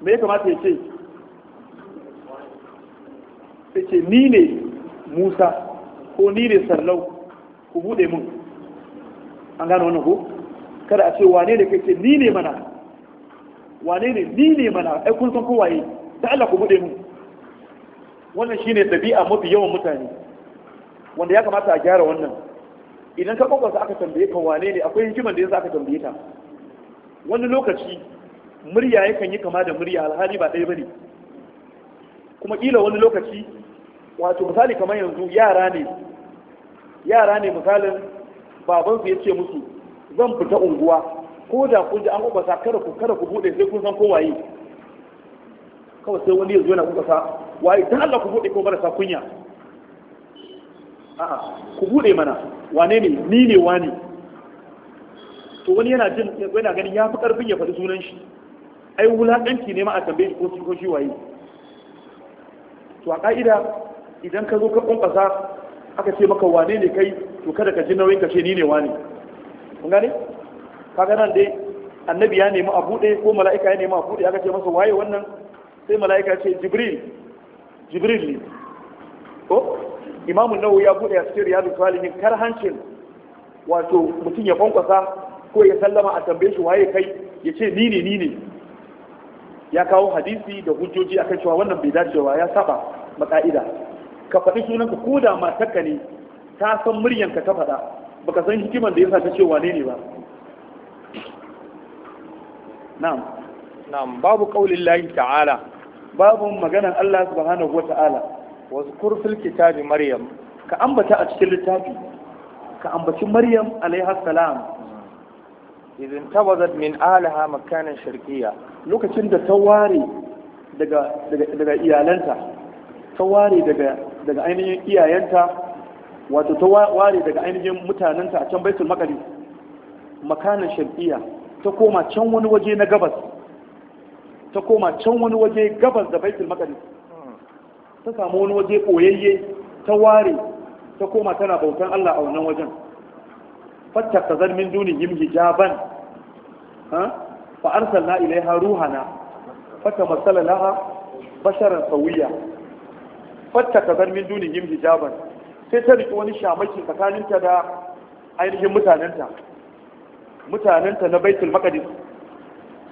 me ya kamata ya ce sai ce ni ne musa ko ni ne sallau ku buɗe mun an gano wannan ko kada a ce wane ne kai ce ni ne mana wane ne ni ne mana ai kun san kowaye da Allah ku buɗe mun wannan shine ɗabi'a mafi yawan mutane wanda ya kamata a gyara wannan idan ka kokarsa aka tambaye ka wane ne akwai hikimar da yasa aka tambaye ta wani lokaci murya yakan yi kama da murya alhali ba ɗaya bane kuma kila wani lokaci wato misali kamar yanzu yara ne yara ne misalin babansu ya ce musu zan fita unguwa ko da kun ji an ubasa kada ku kada ku bude sai kun san ko waye kawai sai wani yanzu yana yana ubasa waye dan Allah ku bude ko marasa kunya a'a ku bude mana wane ne ni ne wane to wani yana jin yana ganin fi karfin ya faɗi sunan shi ai wulakanci ne ma a tambaye shi ko shi ko shi waye to a ka'ida idan ka zo ka kunfasa aka ce maka wane ne kai to kada ka ji nauyin ka ce ni ne wane kun gane kaga nan dai annabi ya nemi a buɗe ko mala'ika ya nemi a buɗe aka ce masa waye wannan sai mala'ika ce jibril jibril ne ko imamu nawawi ya buɗe a cikin riyadu salihin hancin wato mutum ya kwankwasa ko ya sallama a tambaye shi waye kai ya ce ni ne ni ne ya kawo hadisi da hujjoji akan cewa wannan bai dacewa ya saba maka'ida ka faɗi sunanka ko da matarka ne ta san muryanka ta faɗa baka san hikiman da ya sa ta ce wane ne ba na'am na'am babu qaulin lahi ta'ala babu maganar Allah subhanahu wa ta'ala wa zkur fil kitabi maryam ka ambata a cikin littafi ka ambaci maryam alaiha idin tabazat min alaha makanan sharqiyya lokacin da ta ware daga daga iyalanta ta ware daga daga ainihin iyayenta wato ta ware daga ainihin mutanenta a can baitul maqdis makanan sharqiyya ta koma can wani waje na gabas ta koma can wani waje gabas da baitul maqdis ta samu wani waje koyayye ta ware ta koma tana bautan Allah a wannan wajen fatta kazan min dunihim hijaban fa arsalna ilaiha ruhana fatta masala laha basharan sawiya fatta kazan min dunihim hijaban sai ta riki wani shamaki tsakaninta da ainihin mutanenta mutanenta na baitul maqdis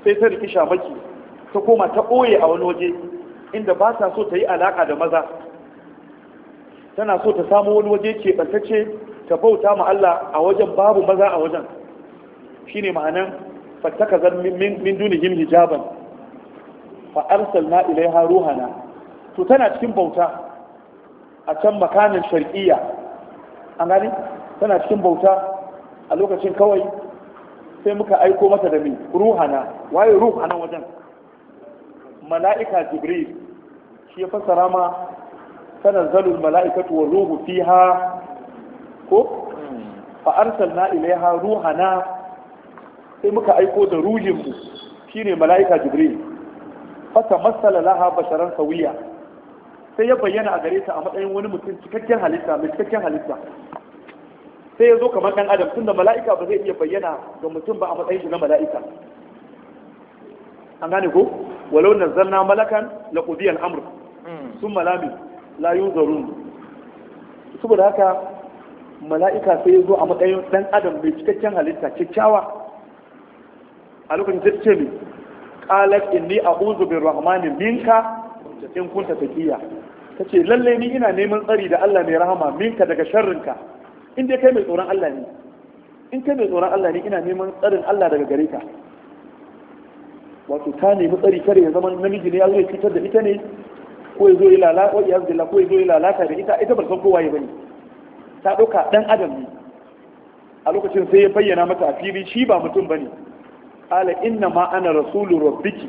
sai ta riki shamaki ta koma ta ɓoye a wani waje inda ba ta so ta yi alaƙa da maza tana so ta samu wani waje ke ɓantacce ta bauta ma Allah a wajen babu maza a wajen shine ma'anan fattaka zan min dunihim hijaban fa arsalna ilaiha ruhana to tana cikin bauta a can makanin shar'iyya an gani tana cikin bauta a lokacin kawai sai muka aiko mata da mi ruhana waye ruhana wajen mala'ika jibril shi ya fassara ma sanar zalul mala'ikatu wa ruhu fiha ko fa arsalna ilaiha ruhana sai muka aiko da ruhin mu shine malaika jibril fa tamassala laha basharan sawiya sai ya bayyana a gare ta a matsayin wani mutum cikakken halitta mai cikakken halitta sai ya zo kamar ɗan adam tunda mala'ika ba zai iya bayyana ga mutum ba a matsayin shi na mala'ika an gane ko walau nazzalna malakan hmm. la amr thumma la la yunzarun saboda haka mala'ika sai ya zo a matsayin ɗan adam mai cikakken halitta kyakkyawa a lokacin da ce mi qalat inni bin Rahmanin minka in kunta Ta ce lalle ni ina neman tsari da Allah mai rahama minka daga sharrinka in dai kai mai tsoron Allah ne in kai mai tsoron Allah ne ina neman tsarin Allah daga gare ka wato ta nemi tsari kare ya zama namiji ne ya zo ya cutar da ita ne ko ya zo ya lalata ko ya zo ya lalata da ita ita ba san kowa ya bane ta ɗauka ɗan adam ne a lokacin sai ya bayyana mata a fili shi ba mutum ba ne ƙala inna ma ana rasulun rabbiki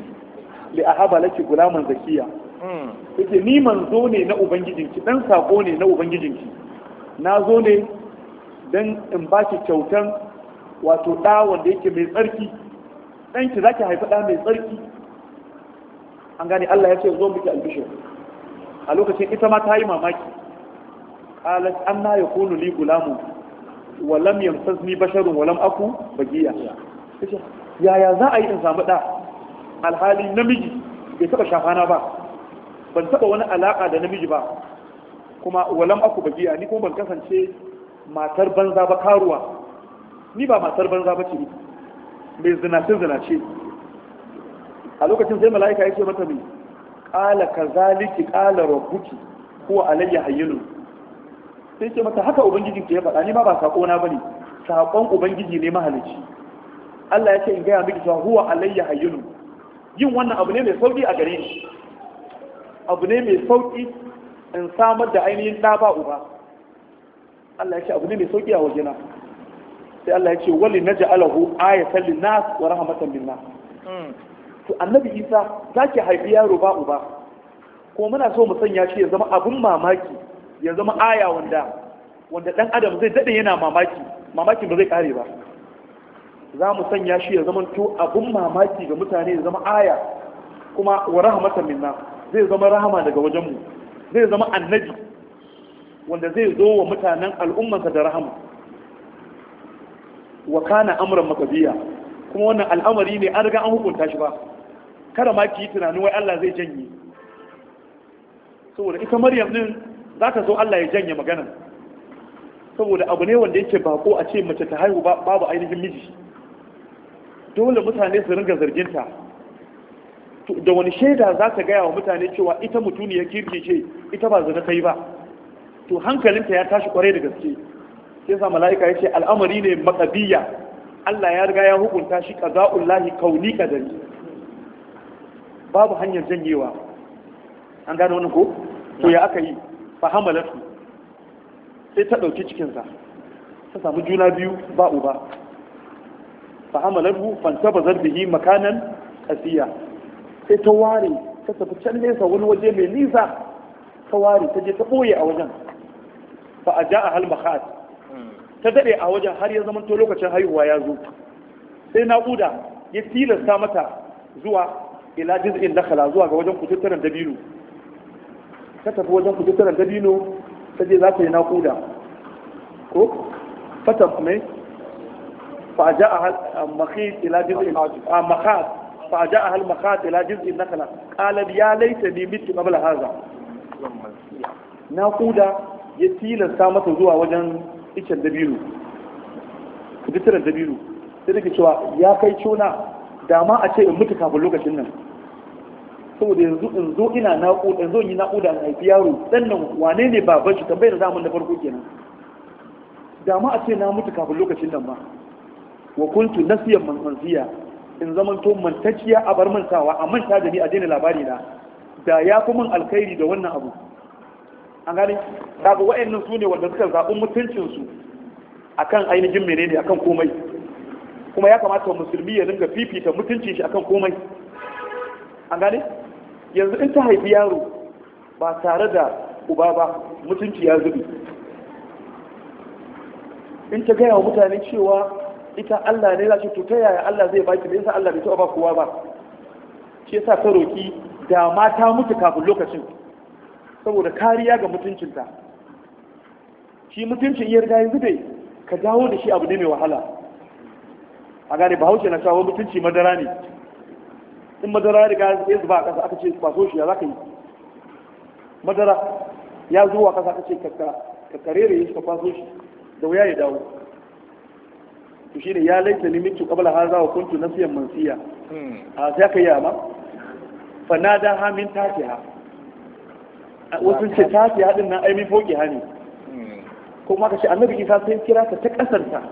li a haba laki gulaman zakiya hmm. yake ni manzo ne na ubangijinki ɗan saƙo ne na ubangijinki na zo ne don in ba ki kyautan wato ɗa wanda yake mai tsarki Ɗan ki za ki haifi ɗa mai tsarki an gane Allah ya ce zo miki albishir a lokacin ita ma ta yi mamaki qalat anna yakunu li gulamu wa lam yamsazni basharun wa lam aku bagiya yaya za a yi in samu da alhali namiji bai taba shafana ba ban taba wani alaka da namiji ba kuma wa lam aku bagiya ni kuma ban kasance matar banza ba karuwa ni ba matar banza ba ce mai zinace zinace a lokacin sai mala'ika ya ce mata mai ƙala kazaliki, zaliki ƙala rabbuki ko alayya hayyinu sai ce mata haka ubangijin ke ya faɗa ni ma ba sako na bane sakon ubangiji ne mahalici Allah ya ce in gaya miki cewa huwa alayya hayyun yin wannan abu ne mai sauki a gare shi. abu ne mai sauki in samar da ainihin da ba uba Allah ya ce abu ne mai sauki a wajena sai Allah ya ce wali naj'alahu ayatan linnas wa rahmatan lillah hmm. to annabi Isa zaki haifi yaro ba uba ko muna so mu sanya shi ya zama abun mamaki ya zama aya wanda wanda dan adam zai dade yana mamaki mamaki ba zai kare ba za mu sanya shi ya zama to abun mamaki ga mutane ya zama aya kuma wa rahmatan minna zai zama rahama daga wajen mu zai zama annabi wanda zai zo wa mutanen al'ummarsa da rahama wa kana amran makabiya kuma wannan al'amari ne an riga an hukunta shi ba kada ma ki yi tunanin wai Allah zai janye saboda ita Maryam din za ta zo Allah ya janye magana saboda abu ne wanda yake bako a ce mace ta haihu babu ainihin miji dole mutane su ringa zarginta da wani shaida za ta gaya wa mutane cewa ita mutuniyar kirki ce ita ba zana ta ba to hankalinta ya tashi kwarai da gaske sai sa mala'ika ya ce al'amari ne makabiya Allah ya riga ya hukunta shi lahi kauni kadari babu hanyar janyewa an gane wannan ko to ya aka yi fa sai ta ɗauki cikinsa ta samu juna biyu ba uba fa hamalatu fanta bazar bihi makanan asiya sai ta ware ta tafi can nesa wani waje mai nisa ta ware ta je ta ɓoye a wajen fa a ja a ta daɗe a wajen har ya zama to lokacin haihuwa ya zo sai naƙuda ya tilasta mata zuwa ila jiz'in dakala zuwa ga wajen kututturen dabino ka tafi wajen kujetarar dabino ta je za ta yi naƙuda ko fatan mai fa'aja a makhid ila jiz'in a makhad fa'aja a hal maka ila jiz'in nakala qalab ya laita ni mitu qabla haza naƙuda ya tilasta masa zuwa wajen icen dabino kujetarar dabino sai da cewa ya kai cona dama a ce in mutu kafin lokacin nan saboda yanzu in zo ina naƙuda in zo yi naƙuda na haifi yaro ɗan nan wane ne baban shi tambayar da zamun da farko kenan da a ce na mutu kafin lokacin nan ba wa kuntu nasiyan mantsiya in zaman to mantakiya a bar mantawa a manta da ni a daina labari na da ya fi min alkhairi da wannan abu an gane kaga wa'annan su ne wanda suka zaɓi mutuncinsu akan ainihin menene akan komai kuma ya kamata musulmi ya dinga fifita mutuncin shi akan komai an gane yanzu in ta haifi yaro ba tare da uba ba mutunci ya zubi in ta gaya wa mutane cewa ita Allah ne lashe to ta yaya Allah zai baki ki yasa Allah bai taɓa ba kowa ba shi yasa ta roki da mata mutu kafin lokacin saboda kariya ga mutuncinta shi mutuncin iya riga yanzu dai ka dawo da shi abu ne mai wahala a gane bahaushe na shawo mutunci madara ne in madara ya riga ya zuba a ƙasa aka ce kwaso shi ya za ka yi madara ya zuwa ƙasa aka ce ka karere shi ka kwaso shi da wuya ya dawo to ne ya laita ni mintu qabla har zawa kuntu siyan mansiya hmm. a sai aka yi amma fanada ha hamin tafiya. wasu ce tafiya din na ai min foki ha ne hmm. kuma ka ce annabi isa sai kira ta ta kasanta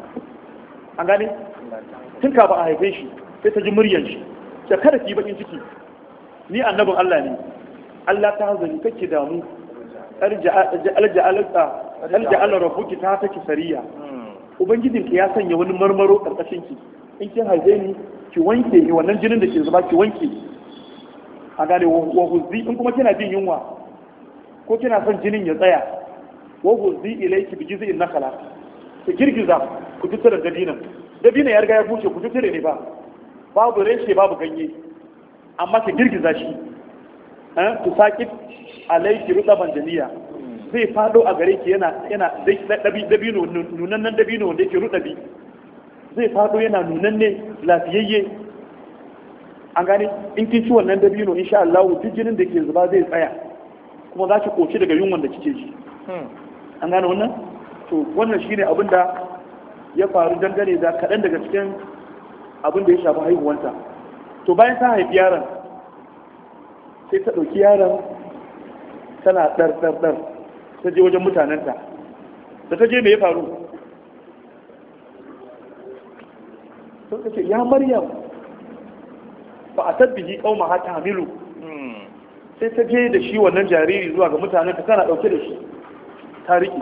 an gane tun ka ba a haife shi sai ta ji muryar shi ce kada ki bakin ciki ni annabin Allah ne Allah ta hanzari kake damu alja Allah rabbuki ta take sariya hmm. ubangijin ki ya sanya wani marmaro karkashin ki in kin haife ni ki wanke ni wannan jinin da ke zuba ki wanke a gane wa huzzi in kuma kina jin yunwa ko kina son jinin ya tsaya wa huzzi ilayki bi jiz'in nakala ki girgiza ku fitar da dabina. dabinan ya riga ya bushe ku fitar ne ba babu reshe babu ganye amma ka girgiza shi eh, ku saki alaiki rutsaban janiya zai fado a gare ki yana yana dabino nunannen dabino wanda yake bi zai fado yana nunanne lafiyayye an gane in kin ci wannan dabino insha Allah duk jinin da ke zuba zai tsaya kuma za ki koci daga yunwan da kike ji hmm. an gane wannan to wannan shine abin da ya faru dangane da kaɗan daga cikin abin da ya shafi haihuwanta to bayan ta haifi yaron sai ta ɗauki yaron tana ɗar ɗar ɗar ta je wajen mutanenta da ta je me ya faru sun ce ya maryam ba a tabbihi ƙauma ha ta hamilu sai ta je da shi wannan jariri zuwa ga mutanenta tana ɗauke da shi ta riƙe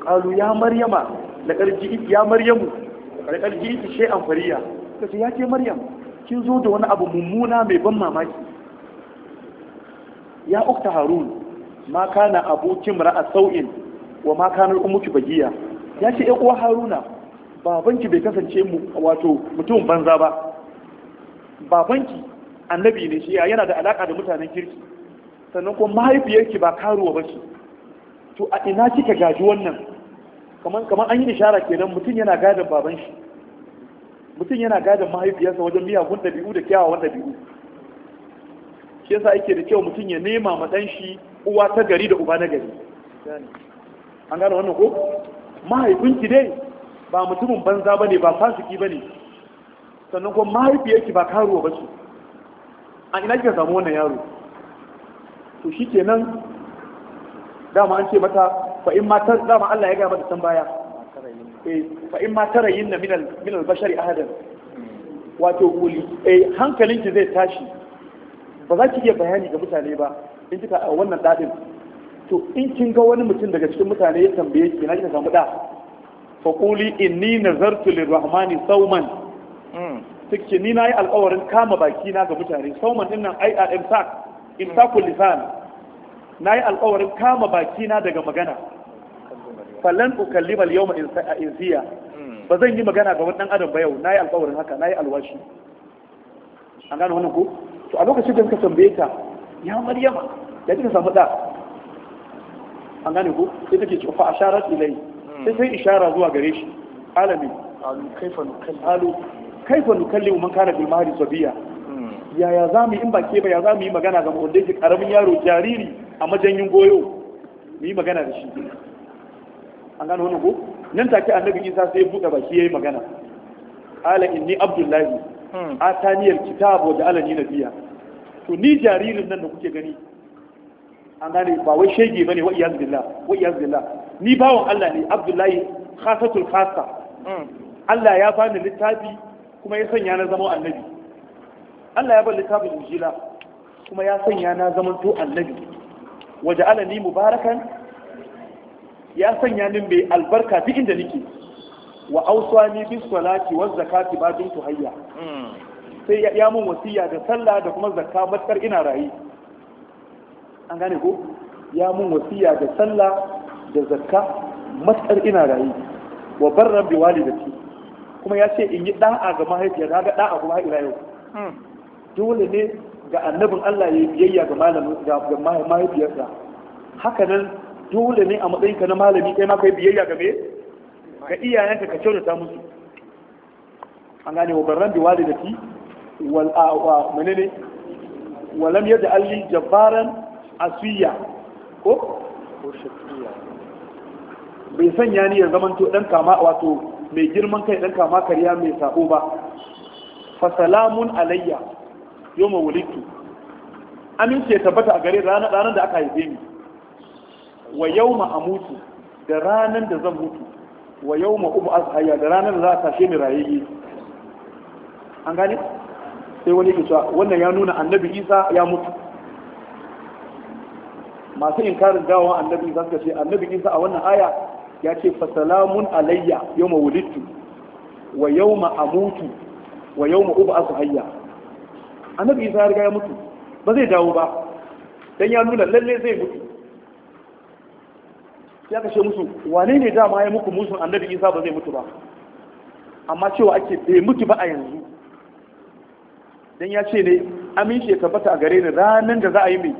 ƙalu ya maryama da ƙarji ya maryamu karkar jiki shi an fariya ta ce ya ce maryam kin zo da wani abu mummuna mai ban mamaki ya ukta harun ma kana abokin ra'a sau'in wa ma kanar umuki bagiya ya ce ya uwa haruna babanki bai kasance wato mutum banza ba babanki annabi ne shi yana da alaka da mutanen kirki sannan kuma mahaifiyarki ba karuwa ba shi to a ina kika gaji wannan kamar an yi nishara kenan mutum yana gadon baban shi mutum yana gadon mahaifiyarsa wajen miyagun ɗabi'u da kyawawan ɗabi'u shi yasa ake da kyau mutum ya nema ma ɗan shi uwa ta gari da uba na gari an gane wannan ko mahaifinki dai ba mutumin banza bane ba fasiki bane sannan kuma mahaifiyarki ba karuwa ba su an ina kika samu wannan yaro to shikenan dama an ce mata fa in ma dama Allah ya gaya mata san baya eh fa in ma na minal minal bashari ahadan wato kuli eh hankalinki zai tashi ba za ki iya bayani ga mutane ba in kika a wannan dadin to in kin ga wani mutum daga cikin mutane ya tambaye ki na kika samu da fa kuli inni nazartu lirrahmani sawman hmm. take ni nayi alƙawarin kama baki na ga mutane sauman din nan ai a imsak imsakul lisan na yi alkawarin kama bakina daga magana fallan ukallima yau a inziya hmm. ba zan yi magana ga wannan adam ba yau na yi alkawarin haka na yi alwashi an gano wannan ku? to a lokacin da suka tambaye ta ya maryama ya kika samu da an gane ku sai take ce fa asharat ilai hmm. sai sai ishara zuwa gare shi alami kaifa nukallimu kaifa mun man kana bil mahdi sabiya hmm. yaya zamu in ba ke ba ya zamu yi magana ga mu wanda yake karamin yaro jariri a majanyin goyo mu yi magana da shi an gano wani ko nan take annabi isa sai ya buɗe baki yayi magana qala inni abdullahi hmm. ataniyal kitab wa ja'alani nabiyya to ni jaririn nan da kuke gani an gane ba wai shege bane wa iyaz billah wa iyaz billah ni bawon Allah ne abdullahi khasatul khassa hmm. Allah ya bani littafi kuma ya sanya na zama annabi Allah ya bani littafin injila kuma ya sanya na zaman to annabi waje alani mubarakan ya sanya min mai albarka duk inda nake wa ni bi salati wa zakati ba dun hayya sai ya mun wasiya da sallah da kuma zakka matkar ina rayi an gane ko ya mun wasiya da sallah da zakka matkar ina rayi wa barra bi walidati kuma ya ce in yi da'a ga mahaifiya da ga da'a kuma ha ila yau hmm. dole ne ga annabin Allah ya yi biyayya ga malamin ga mahaifiyarsa haka nan dole ne a matsayin ka na malami kai ma kai biyayya ga me ga iyayenka ka kyautata musu an gane wa barran bi walidati wal awa menene walam yada alli jabbaran asiya ko ko shakiya bai sanya ni ya zamanto dan kama wato mai girman kai dan kama kariya mai sabo ba fa salamun alayya yawma wulidtu amince tabbata a gare ranar da aka haife ni wa a amutu da ranar da zan mutu wa yawma ub'as hayya da ranar da za a tashe ni rayayye an gane sai wani ke cewa wannan ya nuna annabi Isa ya mutu masu inkarin dawon annabi Isa suka ce annabi Isa a wannan aya ya ce fasalamun alayya yawma wulidtu wa a amutu wa yawma ub'as hayya annabi isa ya riga ya mutu ba zai dawo ba dan ya nuna lalle zai mutu ya kashe musu wane ne dama ya muku musu annabi isa ba zai mutu ba amma cewa ake bai mutu ba a yanzu dan ya ce ne amince ya tabbata a gare ni ranan da za a yi mai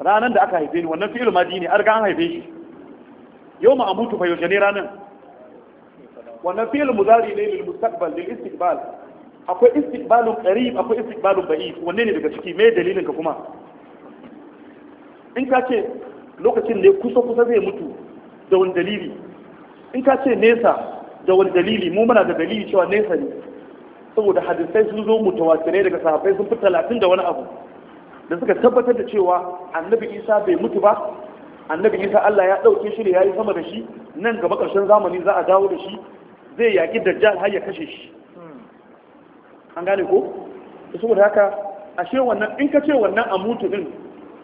ranan da aka haife ni wannan fi'il madi ne arga an haife shi yau ma a mutu fa yau ne ranan wannan fi'il muzari ne lil mustaqbal lil istiqbal akwai istiqbalun qarib akwai istiqbalun ba'id wanne ne daga ciki me dalilin ka kuma in ka ce lokacin ne kusa kusa zai mutu da wani dalili in ka ce nesa da wani dalili mu muna da dalili cewa nesa ne saboda hadisai sun zo mutawatirai daga sahabbai sun fi talatin da wani abu da suka tabbatar da cewa annabi isa bai mutu ba annabi isa allah ya ɗauke shi da ya sama da shi nan gaba karshen zamani za a dawo da shi zai yaƙi dajjal har ya kashe shi an gane ko to saboda haka ashe wannan in ka ce wannan a mutu din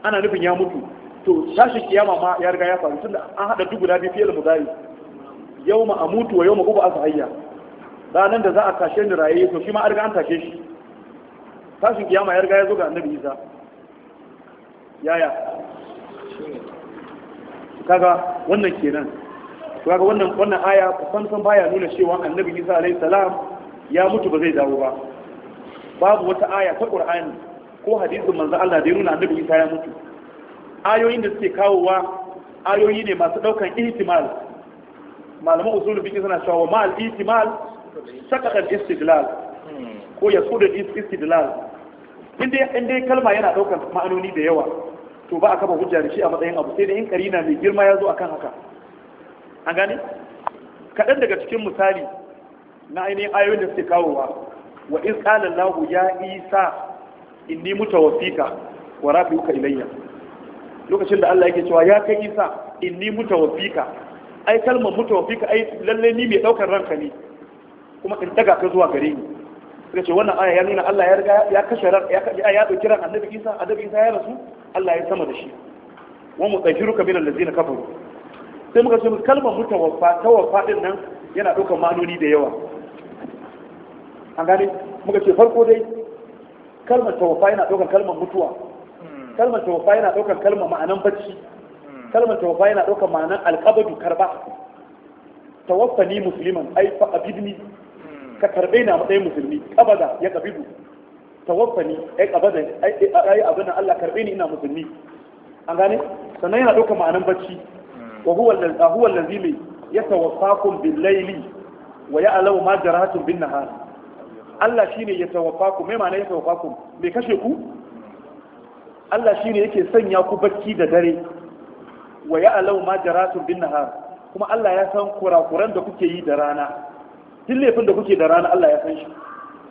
ana nufin ya mutu to tashi kiyama ma ya riga ya faru tunda an hada duk guda biyu fiye da mudari a amutu wa yawma ubu hayya Ranar da za a tashe ni raye to shi ma an riga an tashe shi tashin kiyama ya riga ya zo ga annabi Isa yaya kaga wannan kenan kaga wannan wannan aya kusan san baya nuna cewa annabi Isa alaihi salam ya mutu ba zai dawo ba babu wata aya ta qur'ani ko hadisin manzo Allah da ya nuna annabi Isa ya mutu ayoyin da suke kawowa ayoyi ne masu daukan ihtimal malaman usulul fiqh suna cewa ma al ihtimal saka al istidlal ko yasudu al istidlal inda inda kalma yana daukan ma'anoni da yawa to ba a kafa hujja da shi a matsayin abu sai da in karina mai girma ya zo akan haka an gane kaɗan daga cikin misali na ainihin ayoyin da suke kawowa wa in qala lahu ya Isa inni mutawaffika wa rafi'uka ilayya lokacin da Allah yake cewa ya kai Isa inni mutawaffika ai kalmar mutawaffika ai lalle ni mai daukar ranka ne kuma in daga ka zuwa gare ni suka ce wannan aya ya nuna Allah ya riga ya kashe ran ya ya dauki ran Annabi Isa Annabi Isa ya rasu Allah ya sama da shi wa mutahiruka min allazina kafaru sai muka ce kalmar mutawaffa tawaffa din nan yana daukar ma'anoni da yawa an gane muka ce farko dai kalmar tawaffa yana ɗaukar kalmar mutuwa hmm. kalmar tawaffa yana ɗaukar kalmar ma'anan bacci hmm. kalmar tawaffa yana ɗaukar ma'anan alƙabadu karba tawaffa ni musulman ai fa abidni hmm. ka karbe na matsayin musulmi kabada ya kabidu tawaffa ni ai kabada ai abin Allah karbe ni ina musulmi an gane sannan yana ɗaukar ma'anan bacci wa huwa allazi mai yatawaffakum bil layli wa ya'lamu ma jarahatum bin nahar Allah shi ne ya tawafa ku mai mana ya tawafa ku mai kashe ku Allah shi ne yake sanya ku bakki da dare wa alau ma jaratun bin nahar kuma Allah ya san kurakuran da kuke yi da rana duk laifin da kuke da rana Allah ya san shi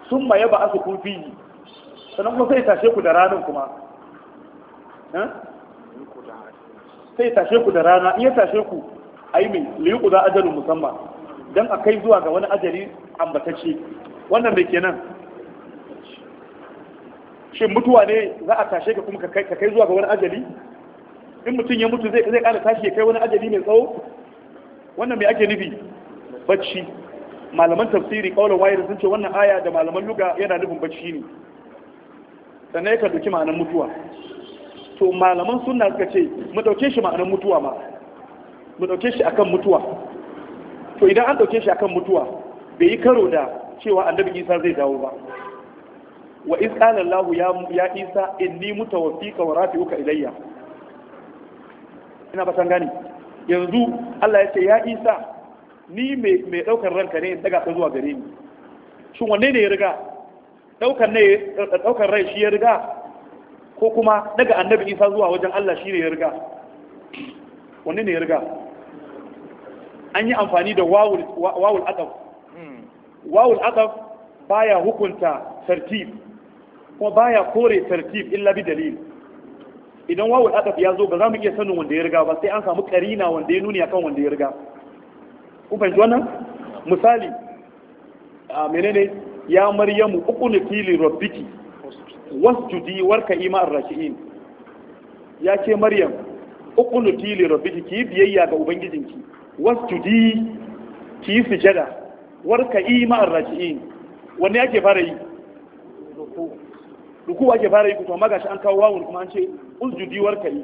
sun ma yaba asu kun yi. sannan kuma sai tashe ku da ranar kuma sai tashe ku da rana in ya tashe ku ai mai liyu za ajalin musamman don a kai zuwa ga wani ajali ambatacce wannan mai kenan shin mutuwa ne za a tashe ka kuma ka kai zuwa ga wani ajali in mutum ya mutu zai zai kara tashi ya kai wani ajali mai tsawo wannan mai ake nufi bacci malaman tafsiri kaulan wayar sun ce wannan aya da malaman luga yana nufin bacci ne sannan ya ɗauki ma'anar mutuwa to malaman sunna suka ce mu ɗauke shi ma'anar mutuwa ma mu ɗauke shi akan mutuwa to idan an ɗauke shi akan mutuwa bai yi karo da cewa annabi isa zai dawo ba wa iz allah ya ya isa inni mutawaffika wa rafi'uka ilayya ina batan gani yanzu allah ya ce ya isa ni mai ɗaukar daukar ranka ne in daga ka zuwa gare ni shin wanne ne ya riga daukar ne daukar rai shi ya riga ko kuma daga annabi isa zuwa wajen allah shi ne ya riga wanne ne ya riga an yi amfani da wawul wawul adab wawul adaf baya hukunta tartib kuma baya kore tartib illa bi dalil idan wawul adaf ya zo ba za mu iya sanin wanda ya riga ba sai an samu karina wanda ya nuni akan wanda ya riga ku fahimci wannan misali a menene ya maryamu uqnuti fili rabbiki wasjudi warka ima ar ya ce maryam uqnuti fili rabbiki ki biyayya ga ubangijinki wasjudi ki sujada warka yi ma'ar raki'in wanne ake fara yi ruku ake fara yi kuma amma shi an kawo wawon kuma an ce usjudi warka yi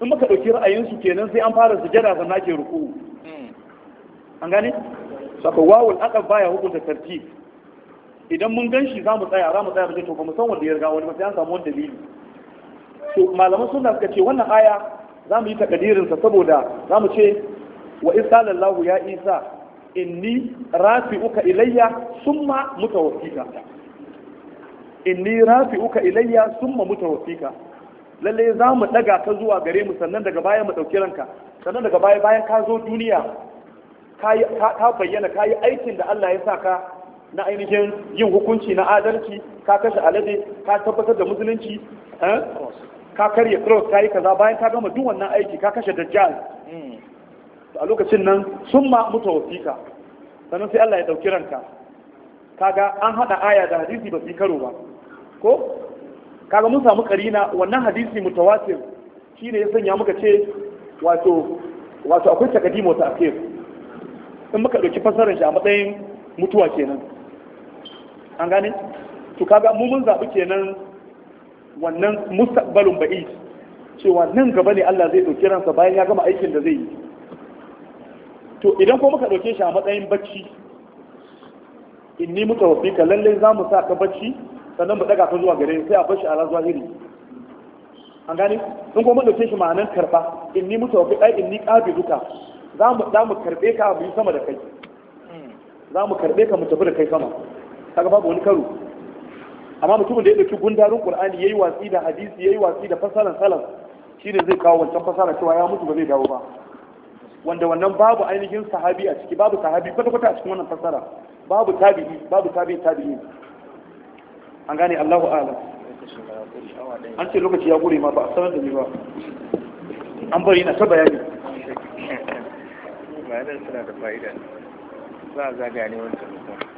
in muka ɗauki ra'ayinsu kenan sai an fara jada zanna ke ruku an gane saka wawon aka baya hukunta tartib idan mun gan shi za mu tsaya za mu tsaya mu to ba mu san wanda ya riga wani ba sai an samu wani dalili to malaman suka ce wannan aya za mu yi takadirinsa saboda za mu ce wa isa lallahu ya isa inni rafi'uka ilayya summa mutawaffika inni rafi'uka ilayya summa mutawaffika lalle za mu daga ka zuwa gare mu sannan daga baya mu dauki ranka sannan daga baya bayan ka zo duniya ka bayyana ka yi aikin da Allah ya sa ka na ainihin yin hukunci na adalci ka kashe alade ka tabbatar da musulunci eh? ka karya cross ka yi kaza bayan ka gama duk wannan aiki ka kashe dajjal hmm. a lokacin nan sun ma mutu wasiƙa sannan sai Allah ya ɗauki ranka kaga an haɗa aya da hadisi ba su karo ba ko kaga mun samu karina wannan hadisi mutawatir shi ne ya sanya muka ce wato wato akwai takadimo ta ke? in muka ɗauki fasarar shi a matsayin mutuwa kenan an gane to kaga mu mun zaɓi kenan wannan mustaqbalun ba'id cewa nan gaba ne Allah zai ɗauki ransa bayan ya gama aikin da zai yi to idan ko muka ɗauke shi a matsayin bacci in ni muka wafi ka lalle za mu sa ka bacci sannan mu ɗaga ta zuwa gare sai a bashi ala zuwa iri an gani in kuma ɗauke shi ma'anar karba in ni muka wafi in ni ƙabi duka za mu za mu karɓe ka abu yi sama da kai za mu karɓe ka mu tafi da kai sama kaga babu wani karo amma mutumin da ya ɗauki gundarin qur'ani yayi watsi da hadisi yayi watsi da fasaran salaf shine zai kawo wancan fasara cewa ya mutu ba zai dawo ba wanda wannan babu ainihin sahabi a ciki babu sahabi kwata-kwata a cikin wannan fassara babu tabi'i babu tabi'i tabi'i an gane Allahu a'lam an ce lokaci ya gure ma ba a sanar da ni ba an bari na ta bayani bayanan suna da fa'ida za a zagaya ne wancan